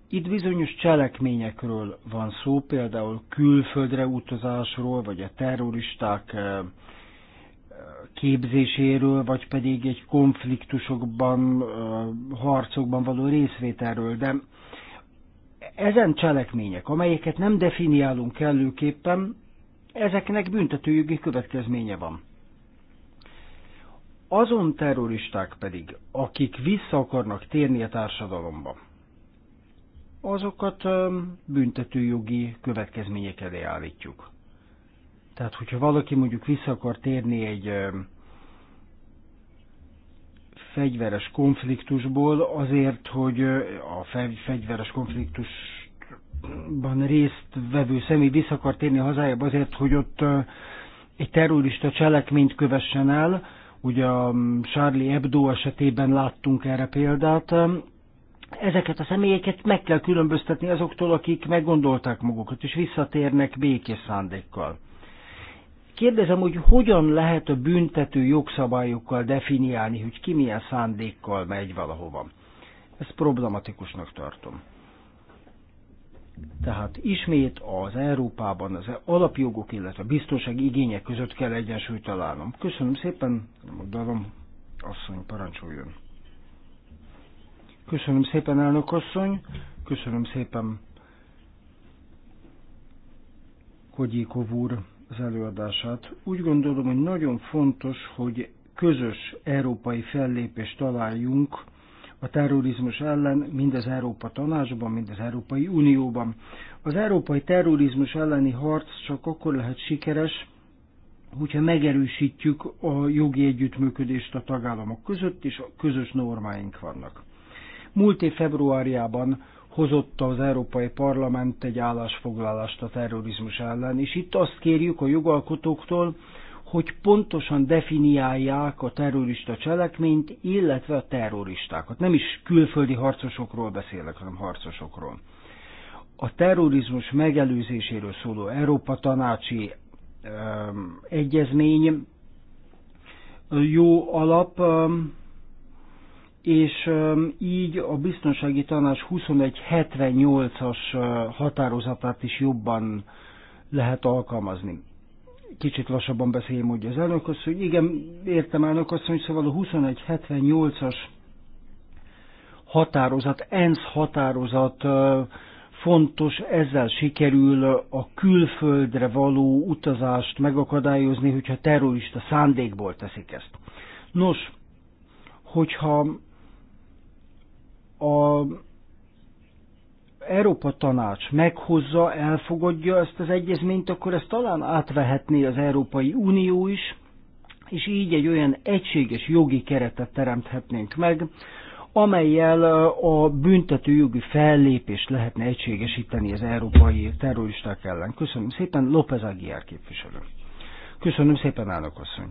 Itt bizonyos cselekményekről van szó, például külföldre utazásról, vagy a terroristák eh, képzéséről, vagy pedig egy konfliktusokban, eh, harcokban való részvételről, de ezen cselekmények, amelyeket nem definiálunk kellőképpen, Ezeknek büntetőjogi következménye van. Azon terroristák pedig, akik vissza akarnak térni a társadalomba, azokat büntetőjogi következmények elé állítjuk. Tehát, hogyha valaki mondjuk vissza akar térni egy fegyveres konfliktusból azért, hogy a fegyveres konfliktus ban részt vevő személy vissza akar térni hazájába azért, hogy ott egy terrorista cselekményt kövessen el, ugye a Charlie Hebdo esetében láttunk erre példát, ezeket a személyeket meg kell különböztetni azoktól, akik meggondolták magukat, és visszatérnek békés szándékkal. Kérdezem, hogy hogyan lehet a büntető jogszabályokkal definiálni, hogy ki milyen szándékkal megy valahova. Ezt problematikusnak tartom. Tehát ismét az Európában az alapjogok, illetve a biztonsági igények között kell egyensúlyt találnom. Köszönöm szépen, Magdalom, asszony, parancsoljon. Köszönöm szépen, elnök asszony, köszönöm szépen, Kogyékov úr az előadását. Úgy gondolom, hogy nagyon fontos, hogy közös európai fellépést találjunk a terrorizmus ellen, mind az Európa Tanácsban, mind az Európai Unióban. Az európai terrorizmus elleni harc csak akkor lehet sikeres, hogyha megerősítjük a jogi együttműködést a tagállamok között, és a közös normáink vannak. Múlt év februárjában hozott az Európai Parlament egy állásfoglalást a terrorizmus ellen, és itt azt kérjük a jogalkotóktól, hogy pontosan definiálják a terrorista cselekményt, illetve a terroristákat. Nem is külföldi harcosokról beszélek, hanem harcosokról. A terrorizmus megelőzéséről szóló Európa tanácsi um, egyezmény jó alap, um, és így a biztonsági tanács 2178-as határozatát is jobban lehet alkalmazni. Kicsit lassabban beszéljem, hogy az elnök hogy Igen, értem elnök hogy szóval a 2178-as határozat, ENSZ határozat fontos, ezzel sikerül a külföldre való utazást megakadályozni, hogyha terrorista szándékból teszik ezt. Nos, hogyha a Európa Tanács meghozza, elfogadja ezt az egyezményt, akkor ezt talán átvehetné az Európai Unió is, és így egy olyan egységes jogi keretet teremthetnénk meg, amelyel a jogi fellépést lehetne egységesíteni az európai terroristák ellen. Köszönöm szépen, López Aguiar képviselő. Köszönöm szépen, állok asszony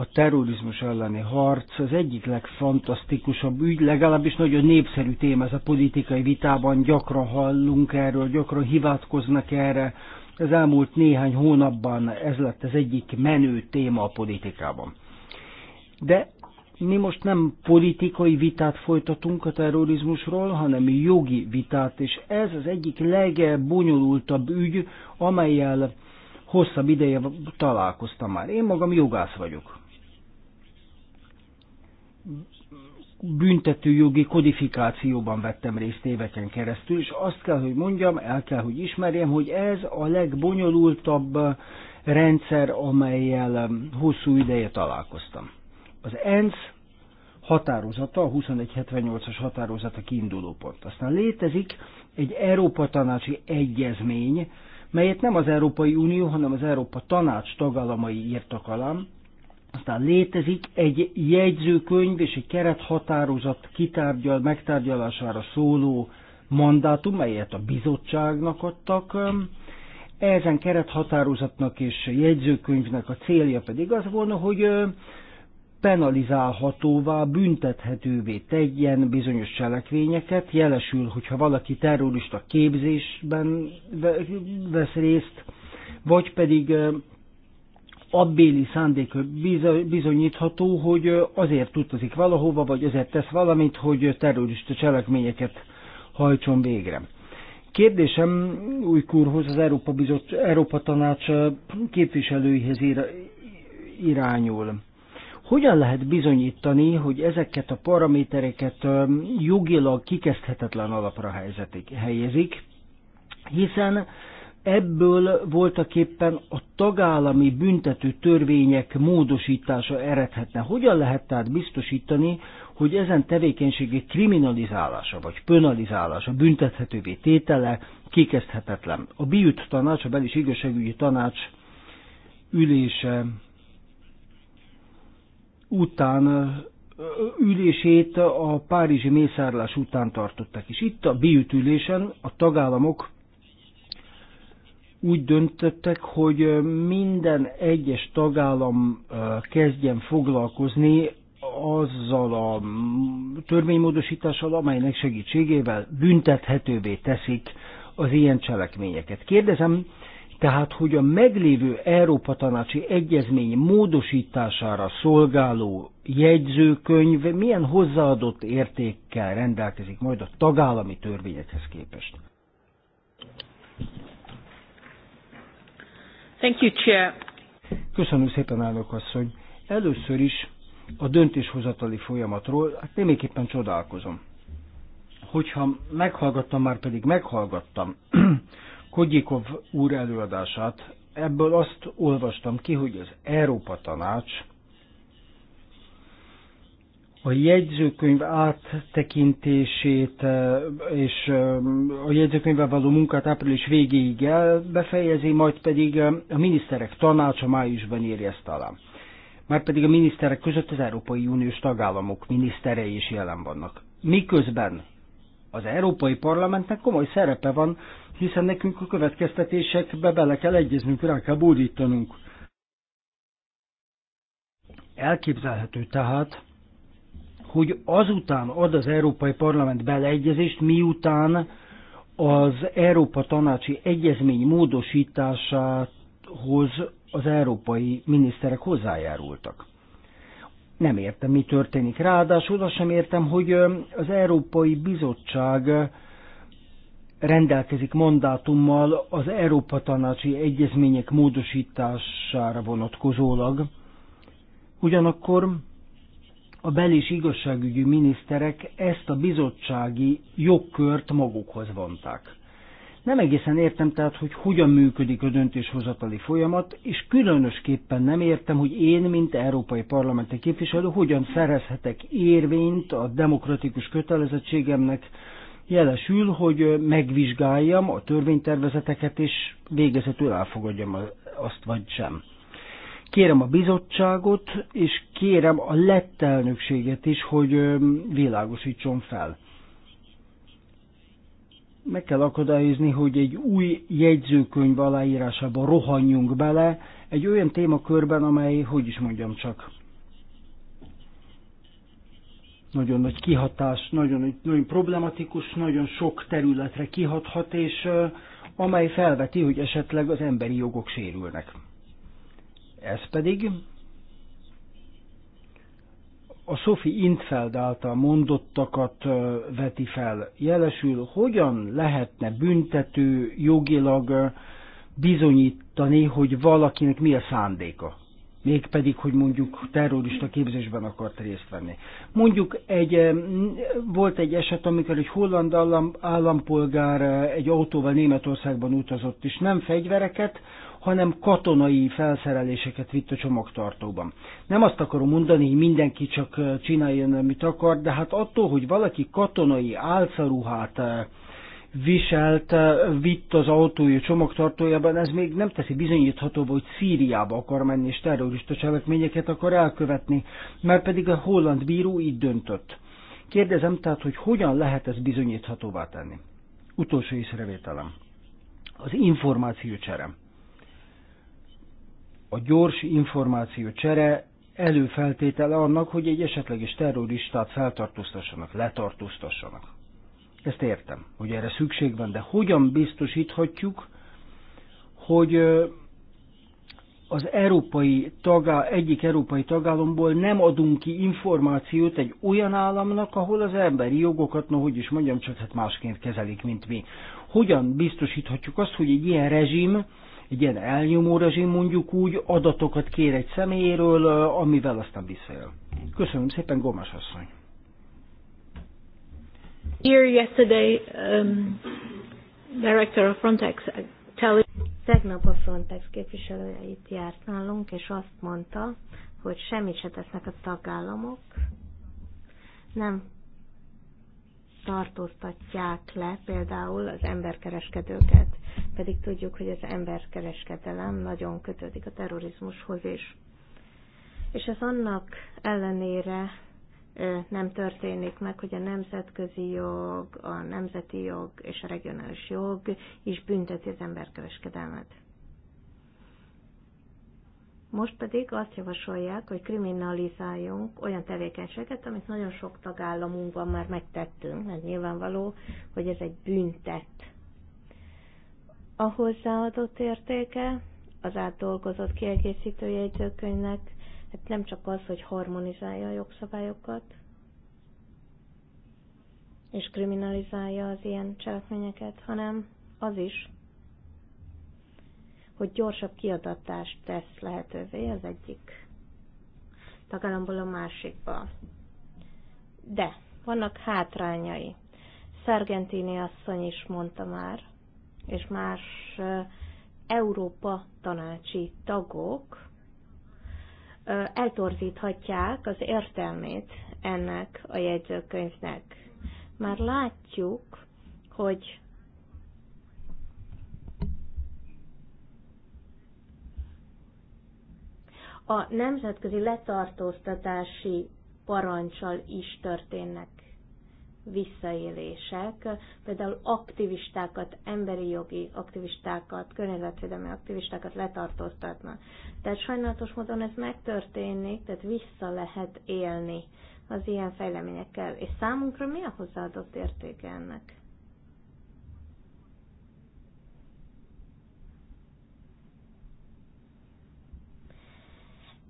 a terrorizmus elleni harc az egyik legfantasztikusabb ügy, legalábbis nagyon népszerű téma ez a politikai vitában, gyakran hallunk erről, gyakran hivatkoznak erre. Az elmúlt néhány hónapban ez lett az egyik menő téma a politikában. De mi most nem politikai vitát folytatunk a terrorizmusról, hanem jogi vitát, és ez az egyik legbonyolultabb ügy, amelyel hosszabb ideje találkoztam már. Én magam jogász vagyok büntetőjogi kodifikációban vettem részt éveken keresztül, és azt kell, hogy mondjam, el kell, hogy ismerjem, hogy ez a legbonyolultabb rendszer, amelyel hosszú ideje találkoztam. Az ENSZ határozata, a 2178-as határozata kiinduló pont. Aztán létezik egy Európa Tanácsi Egyezmény, melyet nem az Európai Unió, hanem az Európa Tanács tagállamai írtak alá, aztán létezik egy jegyzőkönyv és egy kerethatározat kitárgyal, megtárgyalására szóló mandátum, melyet a bizottságnak adtak. Ezen kerethatározatnak és jegyzőkönyvnek a célja pedig az volna, hogy penalizálhatóvá, büntethetővé tegyen bizonyos cselekvényeket, jelesül, hogyha valaki terrorista képzésben vesz részt, vagy pedig abbéli szándék bizonyítható, hogy azért utazik valahova, vagy azért tesz valamit, hogy terrorista cselekményeket hajtson végre. Kérdésem új kurhoz az Európa, Bizot, Európa Tanács képviselőihez irányul. Hogyan lehet bizonyítani, hogy ezeket a paramétereket jogilag kikezdhetetlen alapra helyezik, hiszen Ebből voltak éppen a tagállami büntető törvények módosítása eredhetne. Hogyan lehet tehát biztosítani, hogy ezen tevékenységi kriminalizálása vagy penalizálása, büntethetővé tétele kikezdhetetlen? A BIUT tanács, a Belis Igazságügyi Tanács ülése után ülését a Párizsi mészárlás után tartották, és itt a biütülésen a tagállamok úgy döntöttek, hogy minden egyes tagállam kezdjen foglalkozni azzal a törvénymódosítással, amelynek segítségével büntethetővé teszik az ilyen cselekményeket. Kérdezem, tehát, hogy a meglévő Európa Tanácsi Egyezmény módosítására szolgáló jegyzőkönyv milyen hozzáadott értékkel rendelkezik majd a tagállami törvényekhez képest? Thank you, Chair. Köszönöm szépen, elnök asszony. Először is a döntéshozatali folyamatról, hát némiképpen csodálkozom. Hogyha meghallgattam, már pedig meghallgattam Kodjikov úr előadását, ebből azt olvastam ki, hogy az Európa Tanács a jegyzőkönyv áttekintését eh, és eh, a jegyzőkönyvvel való munkát április végéig elbefejezi, majd pedig eh, a miniszterek tanácsa májusban írja ezt alá. Márpedig a miniszterek között az Európai Uniós tagállamok miniszterei is jelen vannak. Miközben az Európai Parlamentnek komoly szerepe van, hiszen nekünk a következtetésekbe bele kell egyeznünk, rá kell bódítanunk. Elképzelhető tehát, hogy azután ad az Európai Parlament beleegyezést, miután az Európa Tanácsi Egyezmény módosításához az európai miniszterek hozzájárultak. Nem értem, mi történik. Ráadásul azt sem értem, hogy az Európai Bizottság rendelkezik mandátummal az Európa Tanácsi Egyezmények módosítására vonatkozólag. Ugyanakkor a bel- és igazságügyi miniszterek ezt a bizottsági jogkört magukhoz vonták. Nem egészen értem tehát, hogy hogyan működik a döntéshozatali folyamat, és különösképpen nem értem, hogy én, mint európai parlamenti képviselő, hogyan szerezhetek érvényt a demokratikus kötelezettségemnek, jelesül, hogy megvizsgáljam a törvénytervezeteket, és végezetül elfogadjam azt vagy sem. Kérem a bizottságot, és kérem a lett elnökséget is, hogy világosítson fel. Meg kell akadályozni, hogy egy új jegyzőkönyv aláírásába rohanjunk bele, egy olyan témakörben, amely, hogy is mondjam csak, nagyon nagy kihatás, nagyon, nagyon problematikus, nagyon sok területre kihathat, és amely felveti, hogy esetleg az emberi jogok sérülnek. Ez pedig a Sophie Intfeld által mondottakat veti fel. Jelesül, hogyan lehetne büntető jogilag bizonyítani, hogy valakinek mi a szándéka? mégpedig, hogy mondjuk terrorista képzésben akart részt venni. Mondjuk egy, volt egy eset, amikor egy holland állam, állampolgár egy autóval Németországban utazott, és nem fegyvereket, hanem katonai felszereléseket vitt a csomagtartóban. Nem azt akarom mondani, hogy mindenki csak csináljon, amit akar, de hát attól, hogy valaki katonai álcaruhát viselt, vitt az autója csomagtartójában, ez még nem teszi bizonyítható, hogy Szíriába akar menni és terrorista cselekményeket akar elkövetni, mert pedig a holland bíró így döntött. Kérdezem tehát, hogy hogyan lehet ezt bizonyíthatóvá tenni. Utolsó észrevételem. Az információcsere a gyors információ csere előfeltétele annak, hogy egy esetleges terroristát feltartóztassanak, letartóztassanak. Ezt értem, hogy erre szükség van, de hogyan biztosíthatjuk, hogy az európai tagá, egyik európai tagállamból nem adunk ki információt egy olyan államnak, ahol az emberi jogokat, no hogy is mondjam, csak hát másként kezelik, mint mi. Hogyan biztosíthatjuk azt, hogy egy ilyen rezsim egy ilyen elnyomó rezsim mondjuk úgy adatokat kér egy személyéről, amivel aztán visszaél. Köszönöm szépen, Gomas asszony. Here yesterday, um, director of Frontex uh, tell Tegnap a Frontex képviselője itt járt nálunk, és azt mondta, hogy semmit se tesznek a tagállamok, nem tartóztatják le például az emberkereskedőket pedig tudjuk, hogy az emberkereskedelem nagyon kötődik a terrorizmushoz is. És ez annak ellenére nem történik meg, hogy a nemzetközi jog, a nemzeti jog és a regionális jog is bünteti az emberkereskedelmet. Most pedig azt javasolják, hogy kriminalizáljunk olyan tevékenységet, amit nagyon sok tagállamunkban már megtettünk, mert nyilvánvaló, hogy ez egy büntet a hozzáadott értéke az átdolgozott kiegészítő jegyzőkönyvnek, hát nem csak az, hogy harmonizálja a jogszabályokat, és kriminalizálja az ilyen cselekményeket, hanem az is, hogy gyorsabb kiadatást tesz lehetővé az egyik tagállamból a másikba. De vannak hátrányai. Szergentini asszony is mondta már, és más Európa tanácsi tagok eltorzíthatják az értelmét ennek a jegyzőkönyvnek. Már látjuk, hogy a nemzetközi letartóztatási parancsal is történnek visszaélések, például aktivistákat, emberi jogi aktivistákat, környezetvédelmi aktivistákat letartóztatnak. Tehát sajnálatos módon ez megtörténik, tehát vissza lehet élni az ilyen fejleményekkel. És számunkra mi a hozzáadott értéke ennek?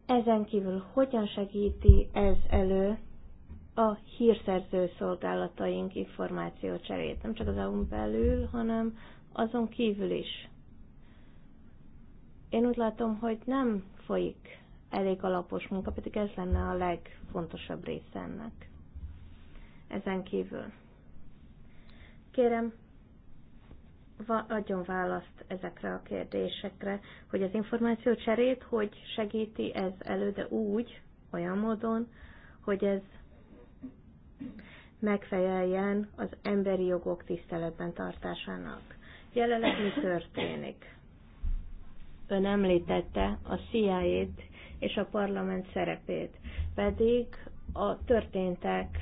Ezen kívül hogyan segíti ez elő a hírszerző szolgálataink cserét, nem csak az EU-n belül, hanem azon kívül is. Én úgy látom, hogy nem folyik elég alapos munka, pedig ez lenne a legfontosabb része ennek. Ezen kívül. Kérem, adjon választ ezekre a kérdésekre, hogy az információ cserét, hogy segíti ez elő, de úgy, olyan módon, hogy ez megfeleljen az emberi jogok tiszteletben tartásának. Jelenleg mi történik? Ön említette a cia és a parlament szerepét, pedig a történtek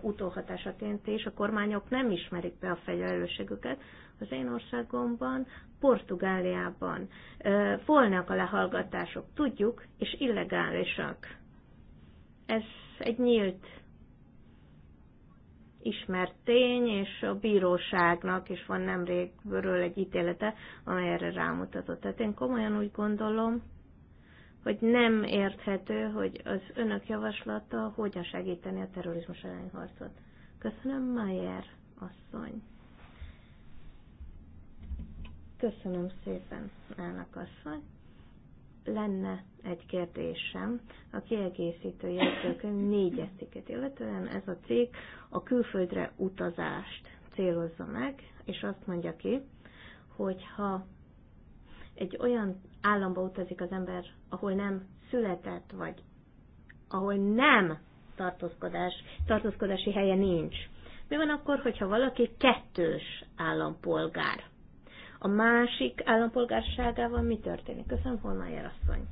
utóhatásaként és a kormányok nem ismerik be a felelősségüket. Az én országomban, Portugáliában volnak a lehallgatások, tudjuk, és illegálisak. Ez egy nyílt ismert tény, és a bíróságnak is van nemrég nemrégből egy ítélete, amely erre rámutatott. Tehát én komolyan úgy gondolom, hogy nem érthető, hogy az önök javaslata hogyan segíteni a terrorizmus elleni harcot. Köszönöm, Mayer asszony. Köszönöm szépen, elnök asszony lenne egy kérdésem a kiegészítő jegyzőkönyv négyes cikket illetően. Ez a cikk a külföldre utazást célozza meg, és azt mondja ki, hogy ha egy olyan államba utazik az ember, ahol nem született, vagy ahol nem tartózkodás, tartózkodási helye nincs. Mi van akkor, hogyha valaki kettős állampolgár? a másik állampolgárságával mi történik. Köszönöm, Holmeyer Erasszony.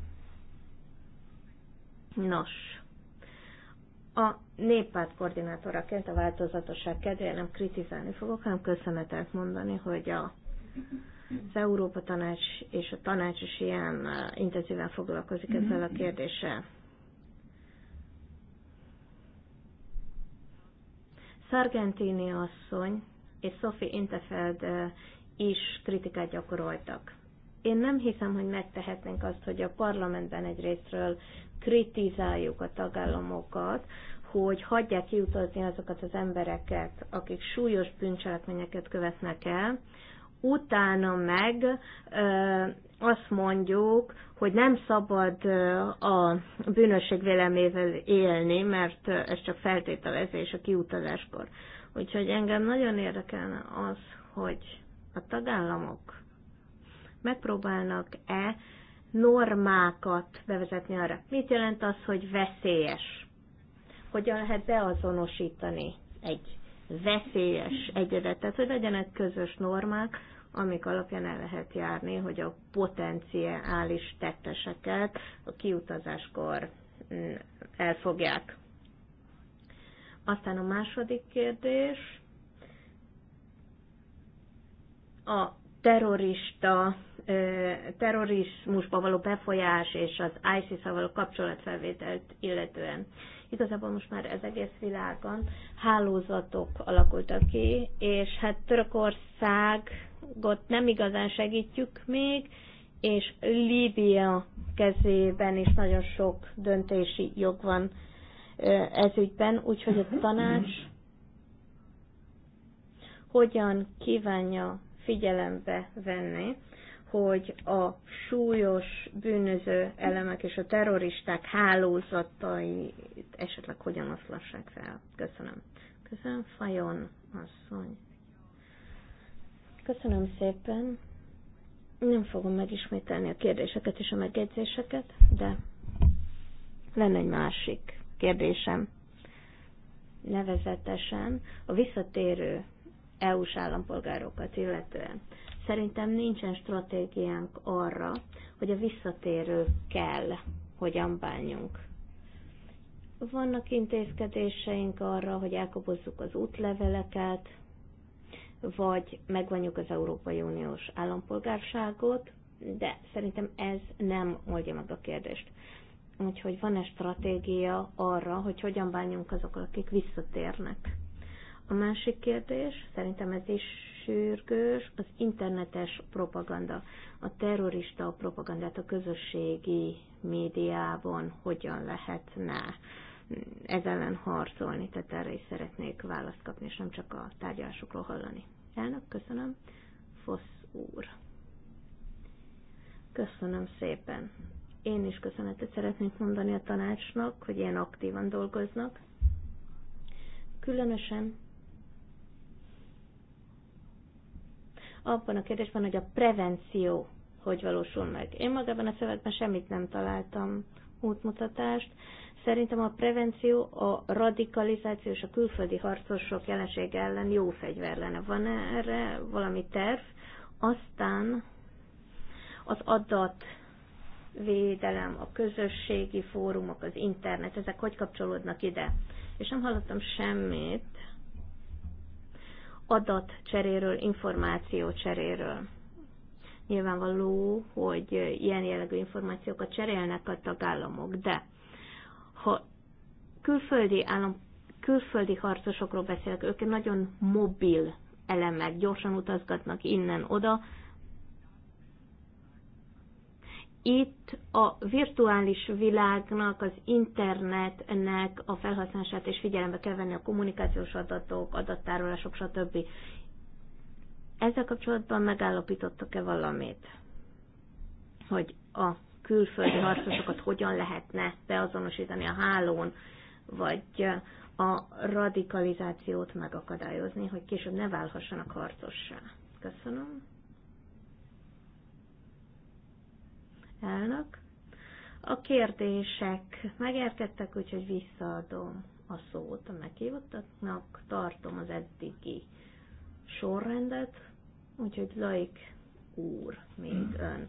Nos, a néppárt koordinátoraként a változatosság kedvéért nem kritizálni fogok, hanem köszönetet mondani, hogy a, az Európa Tanács és a tanács is ilyen uh, intenzíven foglalkozik ezzel a kérdéssel. Sargentini asszony és Sophie Intefeld uh, is kritikát gyakoroltak. Én nem hiszem, hogy megtehetnénk azt, hogy a parlamentben egyrésztről kritizáljuk a tagállamokat, hogy hagyják kiutazni azokat az embereket, akik súlyos bűncselekményeket követnek el, utána meg ö, azt mondjuk, hogy nem szabad a bűnösség vélemével élni, mert ez csak feltételezés a kiutazáskor. Úgyhogy engem nagyon érdekelne az, hogy a tagállamok megpróbálnak-e normákat bevezetni arra. Mit jelent az, hogy veszélyes? Hogyan lehet beazonosítani egy veszélyes egyedet? Tehát, hogy legyenek közös normák, amik alapján el lehet járni, hogy a potenciális tetteseket a kiutazáskor mm, elfogják. Aztán a második kérdés, a terrorista, terrorizmusba való befolyás és az isis szal való kapcsolatfelvételt illetően. Igazából most már ez egész világon hálózatok alakultak ki, és hát Törökországot nem igazán segítjük még, és Líbia kezében is nagyon sok döntési jog van ez ügyben, úgyhogy a tanács hogyan kívánja figyelembe venni, hogy a súlyos bűnöző elemek és a terroristák hálózatai esetleg hogyan oszlassák fel. Köszönöm. Köszönöm, Fajon asszony. Köszönöm szépen. Nem fogom megismételni a kérdéseket és a megjegyzéseket, de lenne egy másik kérdésem. Nevezetesen a visszatérő EU-s állampolgárokat illetően. Szerintem nincsen stratégiánk arra, hogy a visszatérő kell, hogyan bánjunk. Vannak intézkedéseink arra, hogy elkobozzuk az útleveleket, vagy megvonjuk az Európai Uniós állampolgárságot, de szerintem ez nem oldja meg a kérdést. Úgyhogy van-e stratégia arra, hogy hogyan bánjunk azokkal, akik visszatérnek? A másik kérdés, szerintem ez is sürgős, az internetes propaganda, a terrorista propagandát a közösségi médiában hogyan lehetne ez ellen harcolni, tehát erre is szeretnék választ kapni, és nem csak a tárgyalásokról hallani. Elnök, köszönöm. Fosz úr. Köszönöm szépen. Én is köszönetet szeretnék mondani a tanácsnak, hogy ilyen aktívan dolgoznak. Különösen abban a kérdésben, hogy a prevenció hogy valósul meg. Én magában a szövegben semmit nem találtam útmutatást. Szerintem a prevenció, a radikalizáció és a külföldi harcosok jelenség ellen jó fegyver lenne. Van -e erre valami terv? Aztán az adat védelem, a közösségi fórumok, az internet, ezek hogy kapcsolódnak ide? És nem hallottam semmit adat információ cseréről. Nyilvánvaló, hogy ilyen jellegű információkat cserélnek a tagállamok, de ha külföldi állam, külföldi harcosokról beszélek, ők nagyon mobil elemek, gyorsan utazgatnak innen-oda, itt a virtuális világnak, az internetnek a felhasználását és figyelembe kell venni a kommunikációs adatok, adattárolások, stb. Ezzel kapcsolatban megállapítottak-e valamit, hogy a külföldi harcosokat hogyan lehetne beazonosítani a hálón, vagy a radikalizációt megakadályozni, hogy később ne válhassanak harcossá? Köszönöm. állnak. A kérdések megérkeztek, úgyhogy visszaadom a szót a meghívottaknak, tartom az eddigi sorrendet, úgyhogy Laik úr, mint ön.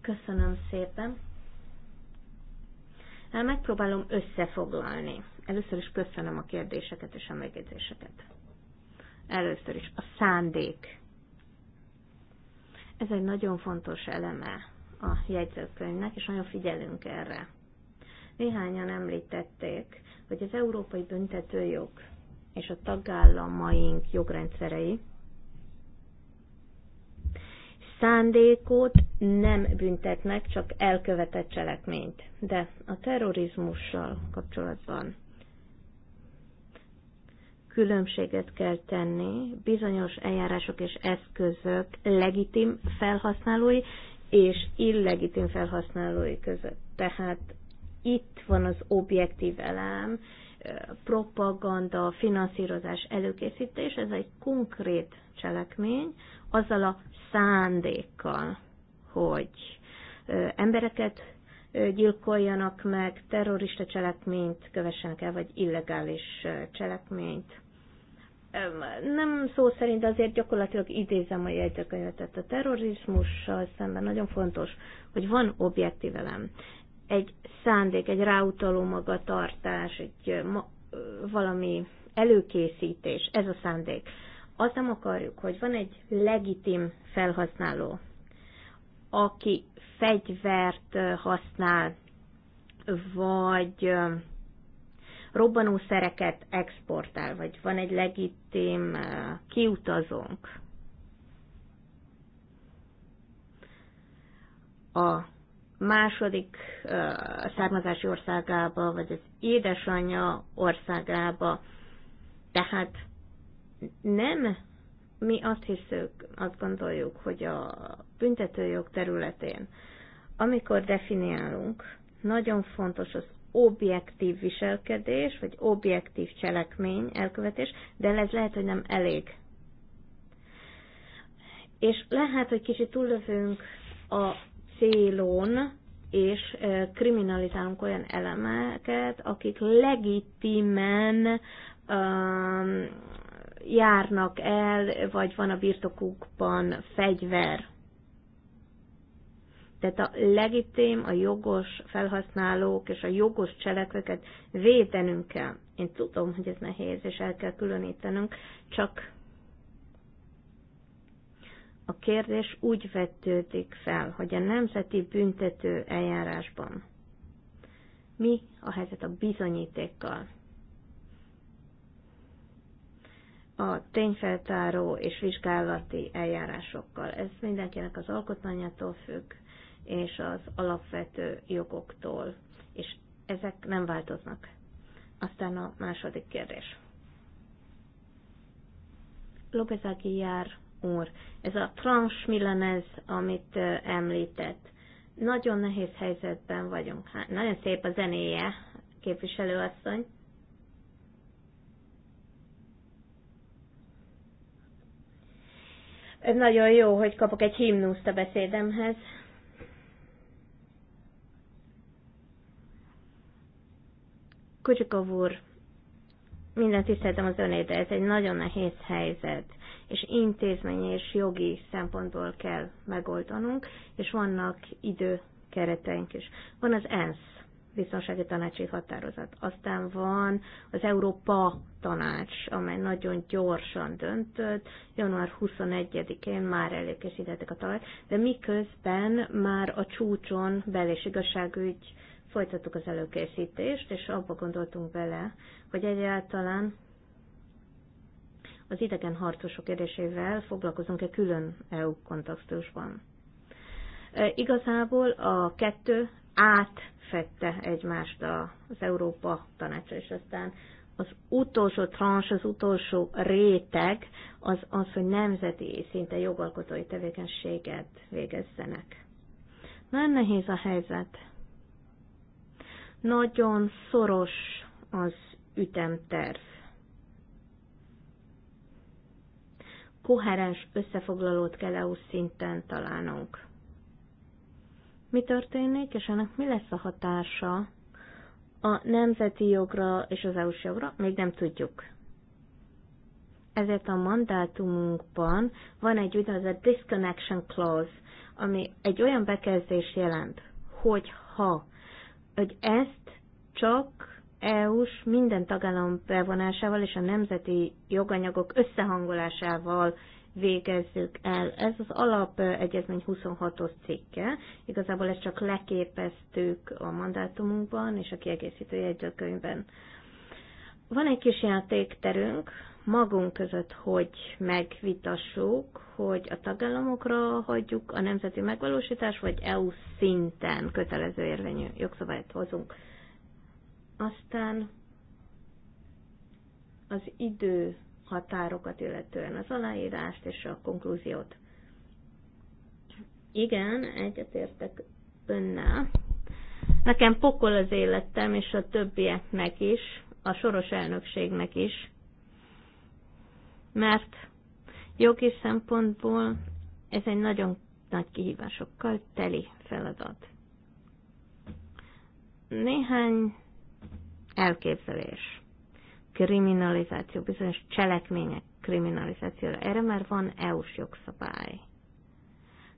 Köszönöm szépen. Megpróbálom összefoglalni. Először is köszönöm a kérdéseket és a megjegyzéseket. Először is a szándék ez egy nagyon fontos eleme a jegyzőkönyvnek, és nagyon figyelünk erre. Néhányan említették, hogy az európai büntetőjog és a tagállamaink jogrendszerei szándékot nem büntetnek, csak elkövetett cselekményt. De a terrorizmussal kapcsolatban különbséget kell tenni bizonyos eljárások és eszközök legitim felhasználói és illegitim felhasználói között. Tehát itt van az objektív elem, propaganda, finanszírozás, előkészítés, ez egy konkrét cselekmény, azzal a szándékkal, hogy embereket gyilkoljanak meg, terrorista cselekményt kövessenek el, vagy illegális cselekményt nem szó szerint, de azért gyakorlatilag idézem a jegyzőkönyvetet. A terrorizmussal szemben nagyon fontos, hogy van objektív elem. Egy szándék, egy ráutaló magatartás, egy ma, valami előkészítés, ez a szándék. Azt nem akarjuk, hogy van egy legitim felhasználó, aki fegyvert használ, vagy robbanószereket exportál, vagy van egy legitim eh, kiutazónk. A második eh, származási országába, vagy az édesanyja országába. Tehát nem mi azt hiszük, azt gondoljuk, hogy a büntetőjog területén, amikor definiálunk, nagyon fontos az objektív viselkedés, vagy objektív cselekmény, elkövetés, de ez lehet, hogy nem elég. És lehet, hogy kicsit túllövünk a célon, és kriminalizálunk olyan elemeket, akik legitimen um, járnak el, vagy van a birtokukban fegyver. Tehát a legitim, a jogos felhasználók és a jogos cselekvőket védenünk kell. Én tudom, hogy ez nehéz, és el kell különítenünk, csak a kérdés úgy vetődik fel, hogy a nemzeti büntető eljárásban mi a helyzet a bizonyítékkal? a tényfeltáró és vizsgálati eljárásokkal. Ez mindenkinek az alkotmányától függ és az alapvető jogoktól, és ezek nem változnak. Aztán a második kérdés. López Aguilar úr, ez a transmillenez, amit említett, nagyon nehéz helyzetben vagyunk. Hát, nagyon szép a zenéje, képviselőasszony. Ez nagyon jó, hogy kapok egy himnuszt a beszédemhez. Kucsikov úr, minden tiszteltem az önét, de ez egy nagyon nehéz helyzet, és intézményi és jogi szempontból kell megoldanunk, és vannak időkereteink is. Van az ENSZ biztonsági tanácsi határozat. Aztán van az Európa tanács, amely nagyon gyorsan döntött, január 21-én már előkészítettek a talajt, de miközben már a csúcson belés igazságügy folytattuk az előkészítést, és abba gondoltunk bele, hogy egyáltalán az idegen harcosok kérdésével foglalkozunk-e külön EU kontextusban. E, igazából a kettő átfette egymást az Európa tanácsa, és aztán az utolsó trans, az utolsó réteg az az, hogy nemzeti szinte jogalkotói tevékenységet végezzenek. Nagyon nehéz a helyzet nagyon szoros az ütemterv. Koherens összefoglalót kell EU szinten találnunk. Mi történik, és ennek mi lesz a hatása a nemzeti jogra és az EU-s jogra? Még nem tudjuk ezért a mandátumunkban van egy úgynevezett disconnection clause, ami egy olyan bekezdés jelent, hogy ha hogy ezt csak EU-s minden tagállam bevonásával és a nemzeti joganyagok összehangolásával végezzük el. Ez az alapegyezmény 26-os cikke. Igazából ezt csak leképeztük a mandátumunkban és a kiegészítő jegyzőkönyvben. Van egy kis játékterünk, magunk között, hogy megvitassuk, hogy a tagállamokra hagyjuk a nemzeti megvalósítás, vagy EU szinten kötelező érvényű jogszabályt hozunk. Aztán az idő határokat illetően az aláírást és a konklúziót. Igen, egyetértek önnel. Nekem pokol az életem, és a többieknek is, a soros elnökségnek is, mert jogi szempontból ez egy nagyon nagy kihívásokkal teli feladat. Néhány elképzelés. Kriminalizáció, bizonyos cselekmények kriminalizációra. Erre már van EU-s jogszabály.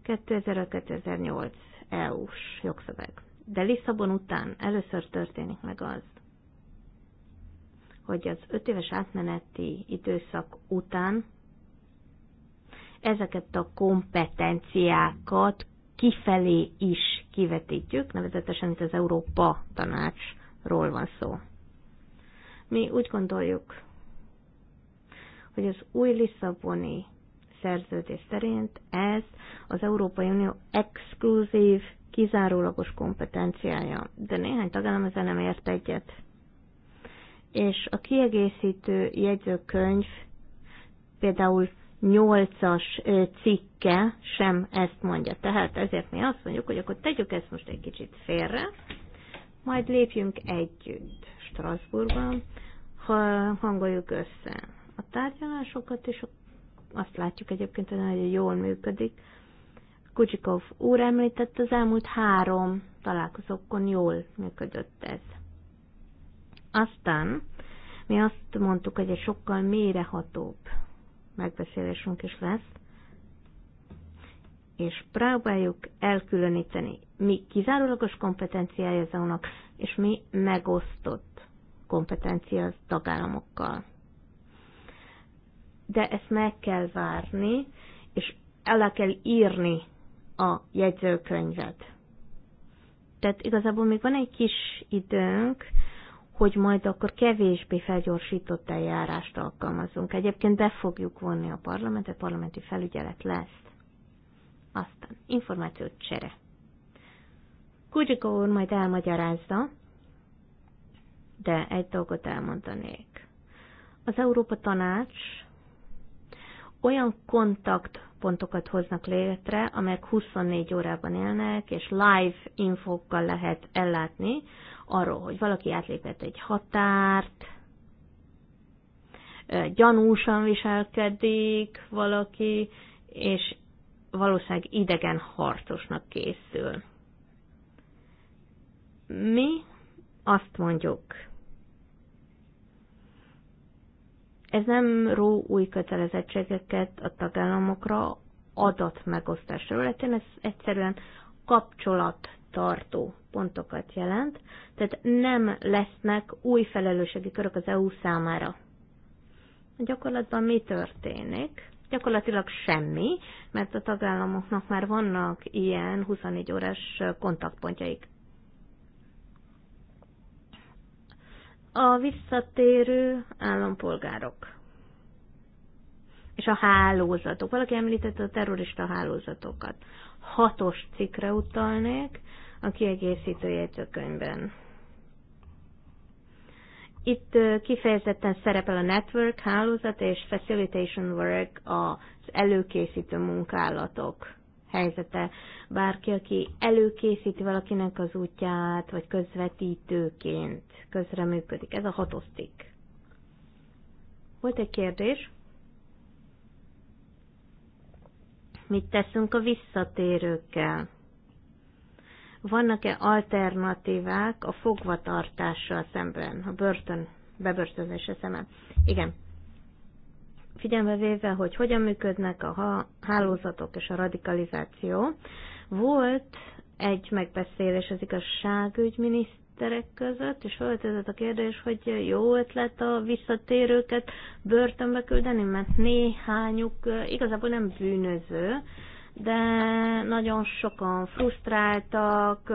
2000-2008 EU-s jogszabály. De Lisszabon után először történik meg az, hogy az öt éves átmeneti időszak után ezeket a kompetenciákat kifelé is kivetítjük, nevezetesen itt az Európa tanácsról van szó. Mi úgy gondoljuk, hogy az új Lisszaboni szerződés szerint ez az Európai Unió exkluzív, kizárólagos kompetenciája, de néhány tagállam ezzel nem ért egyet és a kiegészítő jegyzőkönyv például 8-as cikke sem ezt mondja. Tehát ezért mi azt mondjuk, hogy akkor tegyük ezt most egy kicsit félre, majd lépjünk együtt Strasbourgban, ha hangoljuk össze a tárgyalásokat, és azt látjuk egyébként, hogy nagyon jól működik. Kucsikov úr említett, az elmúlt három találkozókon jól működött ez. Aztán mi azt mondtuk, hogy egy sokkal mélyrehatóbb megbeszélésünk is lesz, és próbáljuk elkülöníteni, mi kizárólagos kompetenciája az eu és mi megosztott kompetencia az tagállamokkal. De ezt meg kell várni, és el kell írni a jegyzőkönyvet. Tehát igazából még van egy kis időnk, hogy majd akkor kevésbé felgyorsított eljárást alkalmazunk. Egyébként be fogjuk vonni a parlamentet, parlamenti felügyelet lesz. Aztán információt csere. Kudzsika úr majd elmagyarázza, de egy dolgot elmondanék. Az Európa Tanács olyan kontaktpontokat hoznak létre, amelyek 24 órában élnek, és live infokkal lehet ellátni, arról, hogy valaki átlépett egy határt, gyanúsan viselkedik valaki, és valószínűleg idegen harcosnak készül. Mi azt mondjuk, ez nem ró új kötelezettségeket a tagállamokra adatmegosztásról, területén, ez egyszerűen kapcsolat tartó pontokat jelent, tehát nem lesznek új felelősségi körök az EU számára. A Gyakorlatban mi történik? Gyakorlatilag semmi, mert a tagállamoknak már vannak ilyen 24 órás kontaktpontjaik. A visszatérő állampolgárok és a hálózatok. Valaki említette a terrorista hálózatokat. Hatos cikre utalnék, a kiegészítő jegyzőkönyvben. Itt kifejezetten szerepel a network, hálózat és facilitation work az előkészítő munkálatok helyzete. Bárki, aki előkészíti valakinek az útját, vagy közvetítőként közreműködik. Ez a hatosztik. Volt egy kérdés? Mit teszünk a visszatérőkkel? vannak-e alternatívák a fogvatartással szemben, a börtön bebörtönzése szemben? Igen. Figyelme véve, hogy hogyan működnek a hálózatok és a radikalizáció, volt egy megbeszélés az igazságügyminiszter, miniszterek között, és felvetődött a kérdés, hogy jó ötlet a visszatérőket börtönbe küldeni, mert néhányuk eh, igazából nem bűnöző, de nagyon sokan frusztráltak,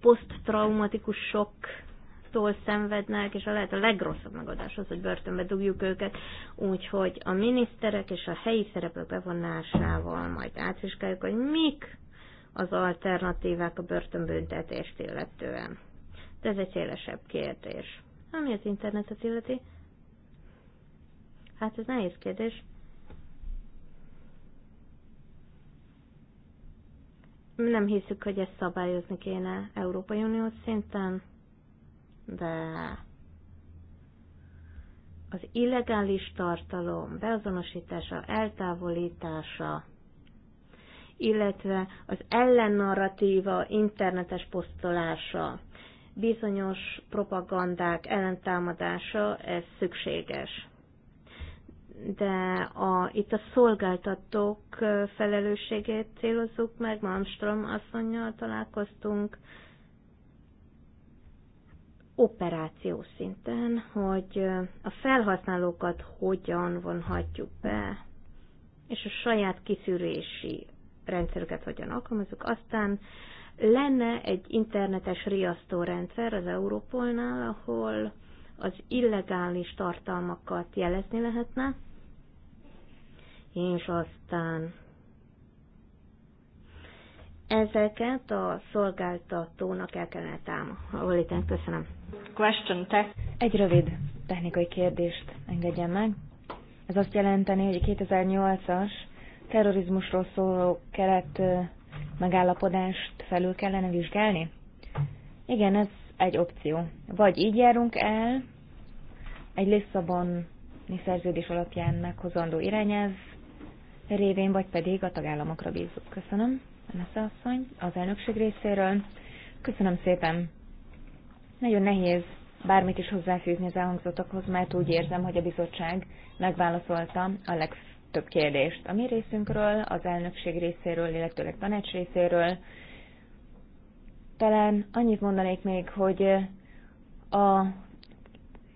poszttraumatikus sokktól szenvednek, és a lehet a legrosszabb megoldás az, hogy börtönbe dugjuk őket, úgyhogy a miniszterek és a helyi szereplők bevonásával majd átvizsgáljuk, hogy mik az alternatívák a börtönbüntetést illetően. De ez egy szélesebb kérdés. Ami az internetet illeti? Hát ez nehéz kérdés. Nem hiszük, hogy ezt szabályozni kéne Európai Unió szinten, de az illegális tartalom beazonosítása, eltávolítása, illetve az ellennarratíva internetes posztolása, bizonyos propagandák ellentámadása, ez szükséges de a, itt a szolgáltatók felelősségét célozzuk meg, Malmström asszonynal találkoztunk, operáció szinten, hogy a felhasználókat hogyan vonhatjuk be, és a saját kiszűrési rendszerüket hogyan alkalmazunk. Aztán lenne egy internetes riasztórendszer az Európolnál, ahol az illegális tartalmakat jelezni lehetne, és aztán ezeket a szolgáltatónak el kellene támogatni. Köszönöm. Question te. Egy rövid technikai kérdést engedjen meg. Ez azt jelenteni, hogy a 2008-as terrorizmusról szóló keret megállapodást felül kellene vizsgálni? Igen, ez egy opció. Vagy így járunk el, egy Lisszaboni szerződés alapján meghozandó irányelv révén, vagy pedig a tagállamokra bízunk. Köszönöm, Nesze asszony, az elnökség részéről. Köszönöm szépen. Nagyon nehéz bármit is hozzáfűzni az elhangzottakhoz, mert úgy érzem, hogy a bizottság megválaszolta a legtöbb kérdést. A mi részünkről, az elnökség részéről, illetőleg tanács részéről. Talán annyit mondanék még, hogy a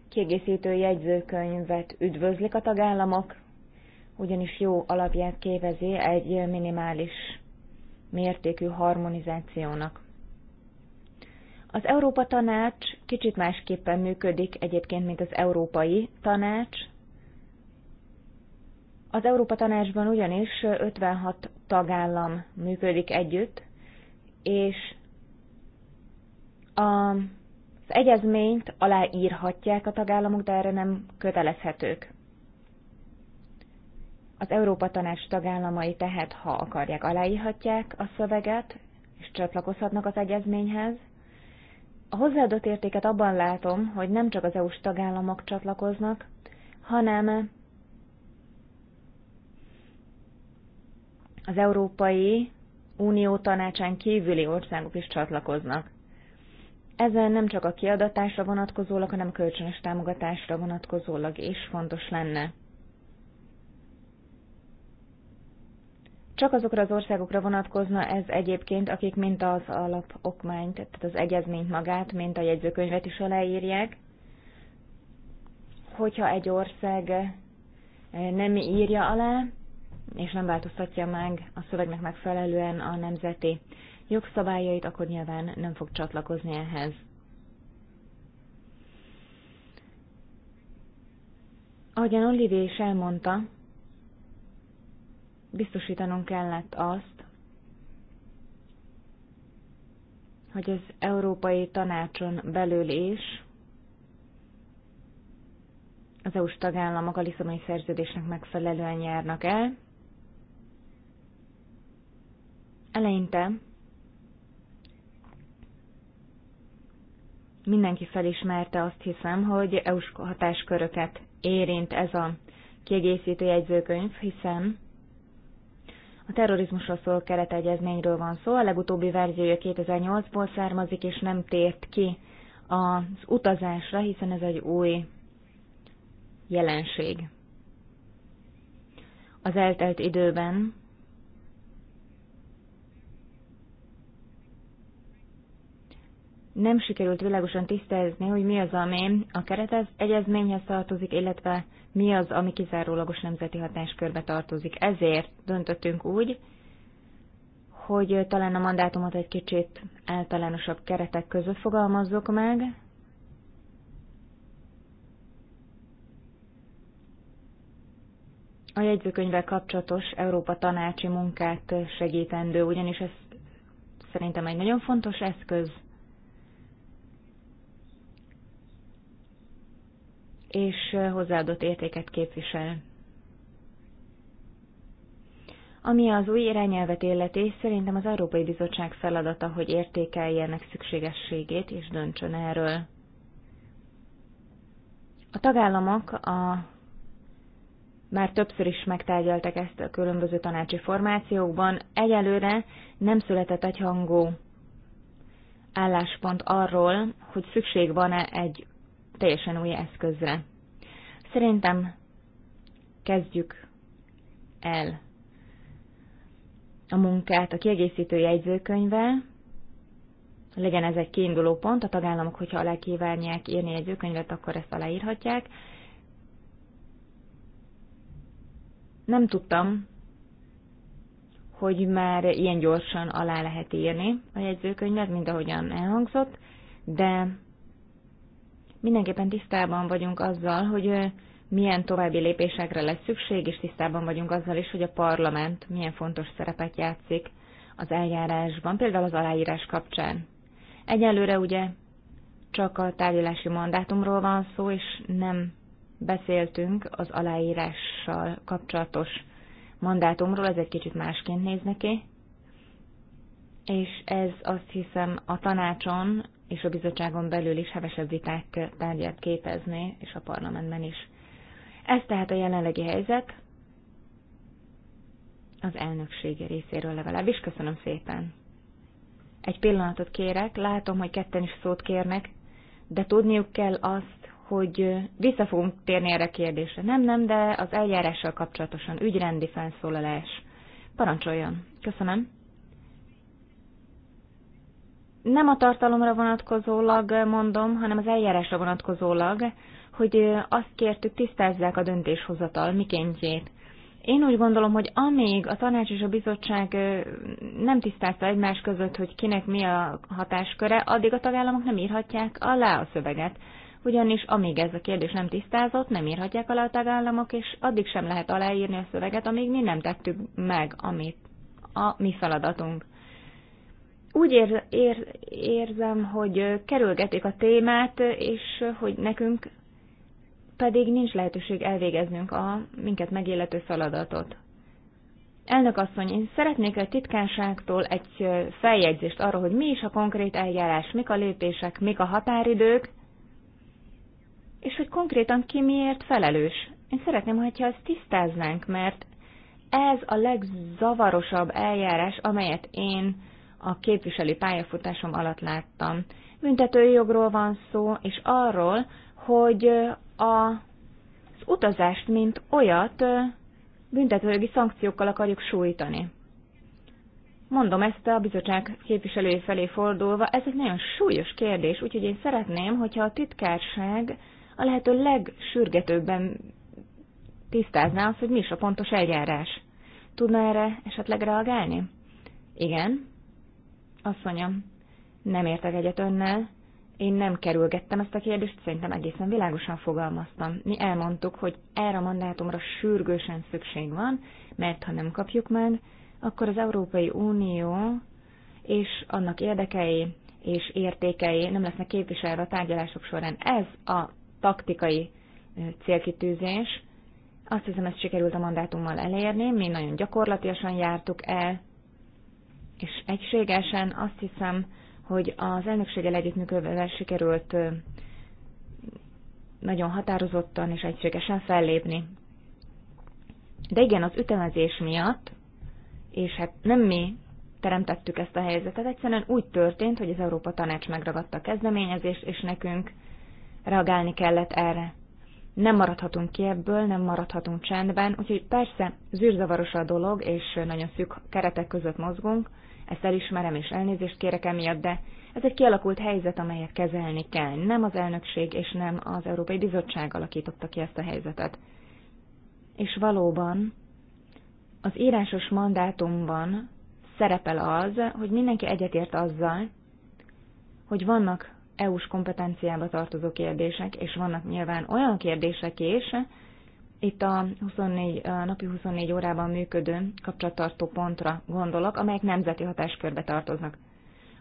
kiegészítő jegyzőkönyvet üdvözlik a tagállamok, ugyanis jó alapját képezi egy minimális mértékű harmonizációnak. Az Európa Tanács kicsit másképpen működik egyébként, mint az Európai Tanács. Az Európa Tanácsban ugyanis 56 tagállam működik együtt, és az egyezményt aláírhatják a tagállamok, de erre nem kötelezhetők. Az Európa Tanács tagállamai tehát, ha akarják, aláírhatják a szöveget, és csatlakozhatnak az egyezményhez. A hozzáadott értéket abban látom, hogy nem csak az EU-s tagállamok csatlakoznak, hanem az Európai Unió tanácsán kívüli országok is csatlakoznak. Ezen nem csak a kiadatásra vonatkozólag, hanem kölcsönös támogatásra vonatkozólag is fontos lenne. Csak azokra az országokra vonatkozna ez egyébként, akik mint az alapokmányt, tehát az egyezményt magát, mint a jegyzőkönyvet is aláírják. Hogyha egy ország nem írja alá, és nem változtatja meg a szövegnek megfelelően a nemzeti jogszabályait, akkor nyilván nem fog csatlakozni ehhez. Ahogyan Olivier is elmondta, biztosítanunk kellett azt, hogy az Európai Tanácson belül is az EU-s tagállamok a Lisszaboni szerződésnek megfelelően járnak el. Eleinte mindenki felismerte azt hiszem, hogy EU-s hatásköröket érint ez a kiegészítő jegyzőkönyv, hiszen a terrorizmusról szóló keretegyezményről van szó, a legutóbbi verziója 2008-ból származik, és nem tért ki az utazásra, hiszen ez egy új jelenség. Az eltelt időben nem sikerült világosan tisztázni, hogy mi az, ami a keretegyezményhez tartozik, illetve mi az, ami kizárólagos nemzeti hatáskörbe tartozik. Ezért döntöttünk úgy, hogy talán a mandátumot egy kicsit általánosabb keretek között fogalmazzuk meg. A jegyzőkönyvvel kapcsolatos Európa tanácsi munkát segítendő, ugyanis ez szerintem egy nagyon fontos eszköz, és hozzáadott értéket képvisel. Ami az új irányelvet illeti, szerintem az Európai Bizottság feladata, hogy értékelje ennek szükségességét és döntsön erről. A tagállamok a már többször is megtárgyaltak ezt a különböző tanácsi formációkban, egyelőre nem született egy hangú álláspont arról, hogy szükség van-e egy teljesen új eszközre. Szerintem kezdjük el a munkát a kiegészítő jegyzőkönyvvel, legyen ez egy kiinduló pont, a tagállamok, hogyha alá kívánják írni jegyzőkönyvet, akkor ezt aláírhatják. Nem tudtam, hogy már ilyen gyorsan alá lehet írni a jegyzőkönyvet, mint ahogyan elhangzott, de mindenképpen tisztában vagyunk azzal, hogy milyen további lépésekre lesz szükség, és tisztában vagyunk azzal is, hogy a parlament milyen fontos szerepet játszik az eljárásban, például az aláírás kapcsán. Egyelőre ugye csak a tárgyalási mandátumról van szó, és nem beszéltünk az aláírással kapcsolatos mandátumról, ez egy kicsit másként néz neki, és ez azt hiszem a tanácson és a bizottságon belül is hevesebb viták eh, tárgyát képezni és a parlamentben is. Ez tehát a jelenlegi helyzet az elnöksége részéről legalábbis. Köszönöm szépen! Egy pillanatot kérek, látom, hogy ketten is szót kérnek, de tudniuk kell azt, hogy eh, vissza fogunk térni erre a kérdésre. Nem, nem, de az eljárással kapcsolatosan ügyrendi felszólalás. Parancsoljon. Köszönöm nem a tartalomra vonatkozólag mondom, hanem az eljárásra vonatkozólag, hogy azt kértük, tisztázzák a döntéshozatal mikéntjét. Én úgy gondolom, hogy amíg a tanács és a bizottság nem tisztázta egymás között, hogy kinek mi a hatásköre, addig a tagállamok nem írhatják alá a szöveget. Ugyanis amíg ez a kérdés nem tisztázott, nem írhatják alá a tagállamok, és addig sem lehet aláírni a szöveget, amíg mi nem tettük meg, amit a mi feladatunk úgy ér, ér, érzem, hogy kerülgetik a témát, és hogy nekünk pedig nincs lehetőség elvégeznünk a minket megillető feladatot. Elnök asszony, én szeretnék a titkárságtól egy feljegyzést arról, hogy mi is a konkrét eljárás, mik a lépések, mik a határidők, és hogy konkrétan ki miért felelős. Én szeretném, hogyha ezt tisztáznánk, mert ez a legzavarosabb eljárás, amelyet én a képviseli pályafutásom alatt láttam. jogról van szó, és arról, hogy a, az utazást, mint olyat büntetőjogi szankciókkal akarjuk sújtani. Mondom ezt a bizottság képviselői felé fordulva, ez egy nagyon súlyos kérdés, úgyhogy én szeretném, hogyha a titkárság a lehető legsürgetőbben tisztázná azt, hogy mi is a pontos eljárás. Tudna erre esetleg reagálni? Igen. Asszonyom, nem értek egyet önnel. Én nem kerülgettem ezt a kérdést, szerintem egészen világosan fogalmaztam. Mi elmondtuk, hogy erre a mandátumra sürgősen szükség van, mert ha nem kapjuk meg, akkor az Európai Unió és annak érdekei és értékei nem lesznek képviselve a tárgyalások során. Ez a taktikai célkitűzés. Azt hiszem, ezt sikerült a mandátummal elérni, mi nagyon gyakorlatilag jártuk el, és egységesen azt hiszem, hogy az elnökséggel együttműködve sikerült nagyon határozottan és egységesen fellépni. De igen, az ütemezés miatt, és hát nem mi teremtettük ezt a helyzetet, egyszerűen úgy történt, hogy az Európa Tanács megragadta a kezdeményezést, és nekünk reagálni kellett erre. Nem maradhatunk ki ebből, nem maradhatunk csendben, úgyhogy persze zűrzavaros a dolog, és nagyon szűk keretek között mozgunk, ezt elismerem és elnézést kérek emiatt, de ez egy kialakult helyzet, amelyet kezelni kell. Nem az elnökség és nem az Európai Bizottság alakította ki ezt a helyzetet. És valóban az írásos mandátumban szerepel az, hogy mindenki egyetért azzal, hogy vannak EU-s kompetenciába tartozó kérdések, és vannak nyilván olyan kérdések is, itt a 24, napi 24 órában működő kapcsolattartó pontra gondolok, amelyek nemzeti hatáskörbe tartoznak.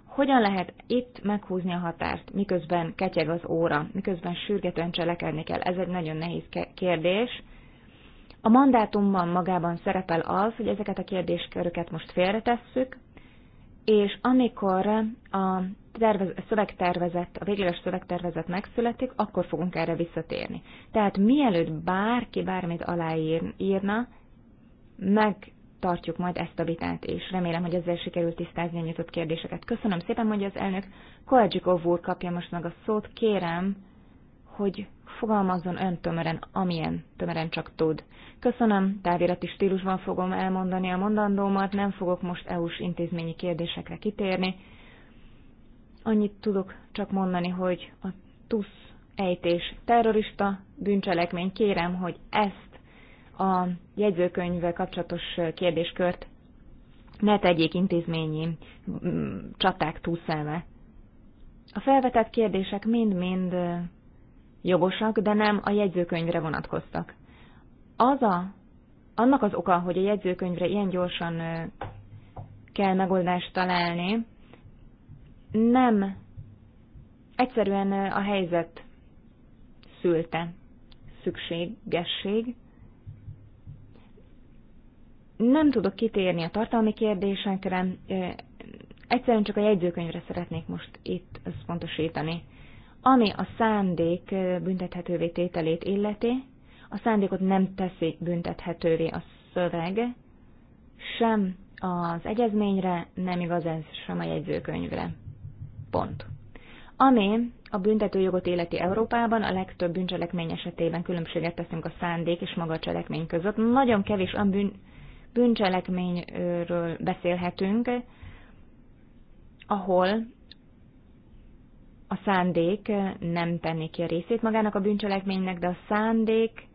Hogyan lehet itt meghúzni a határt, miközben ketyeg az óra, miközben sürgetően cselekedni kell? Ez egy nagyon nehéz kérdés. A mandátumban magában szerepel az, hogy ezeket a kérdésköröket most félretesszük, és amikor a tervez, szövegtervezet, a végleges szövegtervezet megszületik, akkor fogunk erre visszatérni. Tehát mielőtt bárki bármit aláírna, megtartjuk majd ezt a vitát, és remélem, hogy ezzel sikerült tisztázni a nyitott kérdéseket. Köszönöm szépen, mondja az elnök. Kolegyikov úr kapja most meg a szót. Kérem, hogy fogalmazzon ön tömören, amilyen tömören csak tud. Köszönöm, távirati stílusban fogom elmondani a mondandómat, nem fogok most EU-s intézményi kérdésekre kitérni. Annyit tudok csak mondani, hogy a TUSZ ejtés terrorista bűncselekmény, kérem, hogy ezt a jegyzőkönyvvel kapcsolatos kérdéskört ne tegyék intézményi mm, csaták túlszeme. A felvetett kérdések mind-mind jogosak, de nem a jegyzőkönyvre vonatkoztak. Az a, annak az oka, hogy a jegyzőkönyvre ilyen gyorsan kell megoldást találni, nem egyszerűen a helyzet szülte szükségesség. Nem tudok kitérni a tartalmi kérdésekre, egyszerűen csak a jegyzőkönyvre szeretnék most itt összpontosítani. Ami a szándék büntethetővé tételét illeti, a szándékot nem teszi büntethetővé a szöveg, sem az egyezményre, nem igaz ez sem a jegyzőkönyvre. Pont. Ami a büntetőjogot életi Európában a legtöbb bűncselekmény esetében különbséget teszünk a szándék és maga a cselekmény között. Nagyon kevés a bűn, bűncselekményről beszélhetünk, ahol a szándék nem tenni ki a részét magának a bűncselekménynek, de a szándék,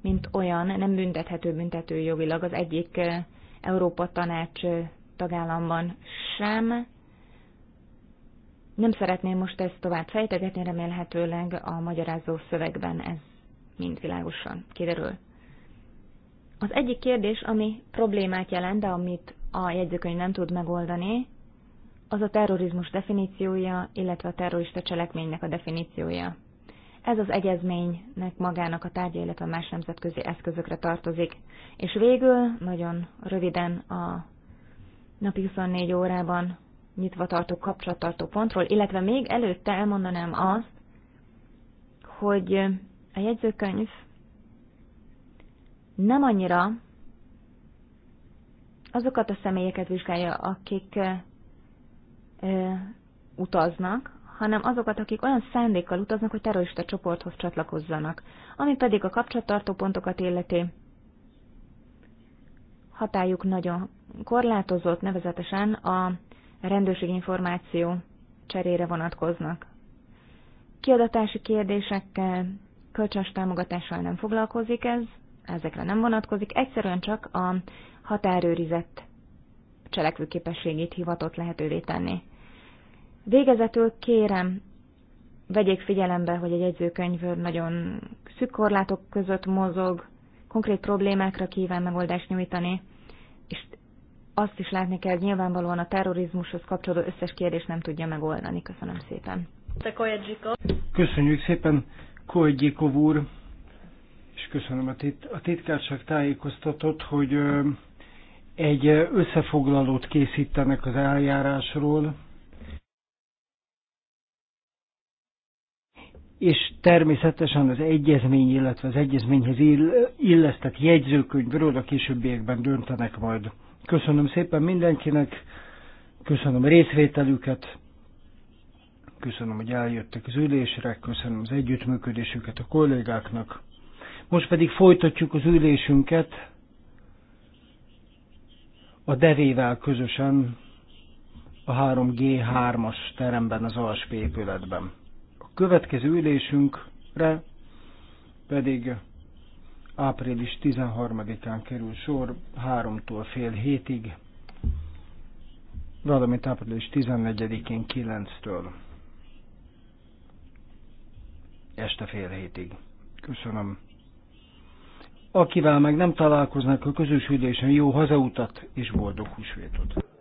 mint olyan, nem büntethető büntető jogilag az egyik eh, Európa Tanács eh, tagállamban sem. Nem szeretném most ezt tovább fejtegetni, remélhetőleg a magyarázó szövegben ez mind világosan kiderül. Az egyik kérdés, ami problémát jelent, de amit a jegyzőkönyv nem tud megoldani, az a terrorizmus definíciója, illetve a terrorista cselekménynek a definíciója. Ez az egyezménynek magának a tárgya, illetve más nemzetközi eszközökre tartozik. És végül, nagyon röviden a napi 24 órában nyitva tartó kapcsolattartó pontról, illetve még előtte elmondanám azt, hogy a jegyzőkönyv nem annyira azokat a személyeket vizsgálja, akik utaznak, hanem azokat, akik olyan szándékkal utaznak, hogy terrorista csoporthoz csatlakozzanak. Ami pedig a kapcsolattartó pontokat illeti, hatájuk nagyon korlátozott, nevezetesen a rendőrség információ cserére vonatkoznak. Kiadatási kérdésekkel, kölcsönös támogatással nem foglalkozik ez, ezekre nem vonatkozik, egyszerűen csak a határőrizett cselekvőképességét hivatott lehetővé tenni. Végezetül kérem, vegyék figyelembe, hogy egy jegyzőkönyv nagyon szűk korlátok között mozog, konkrét problémákra kíván megoldást nyújtani, és azt is látni kell, hogy nyilvánvalóan a terrorizmushoz kapcsolódó összes kérdést nem tudja megoldani. Köszönöm szépen. Köszönjük szépen, Kojegyikov úr, és köszönöm a, tit- a titkárság tájékoztatott, hogy egy összefoglalót készítenek az eljárásról, és természetesen az egyezmény, illetve az egyezményhez illesztett jegyzőkönyvről a későbbiekben döntenek majd. Köszönöm szépen mindenkinek, köszönöm a részvételüket, köszönöm, hogy eljöttek az ülésre, köszönöm az együttműködésüket a kollégáknak. Most pedig folytatjuk az ülésünket a devével közösen a 3G3-as teremben, az alsó épületben következő ülésünkre pedig április 13-án kerül sor, 3-tól fél hétig, valamint április 14-én 9-től este fél hétig. Köszönöm. Akivel meg nem találkoznak a közös ülésen, jó hazautat és boldog húsvétot!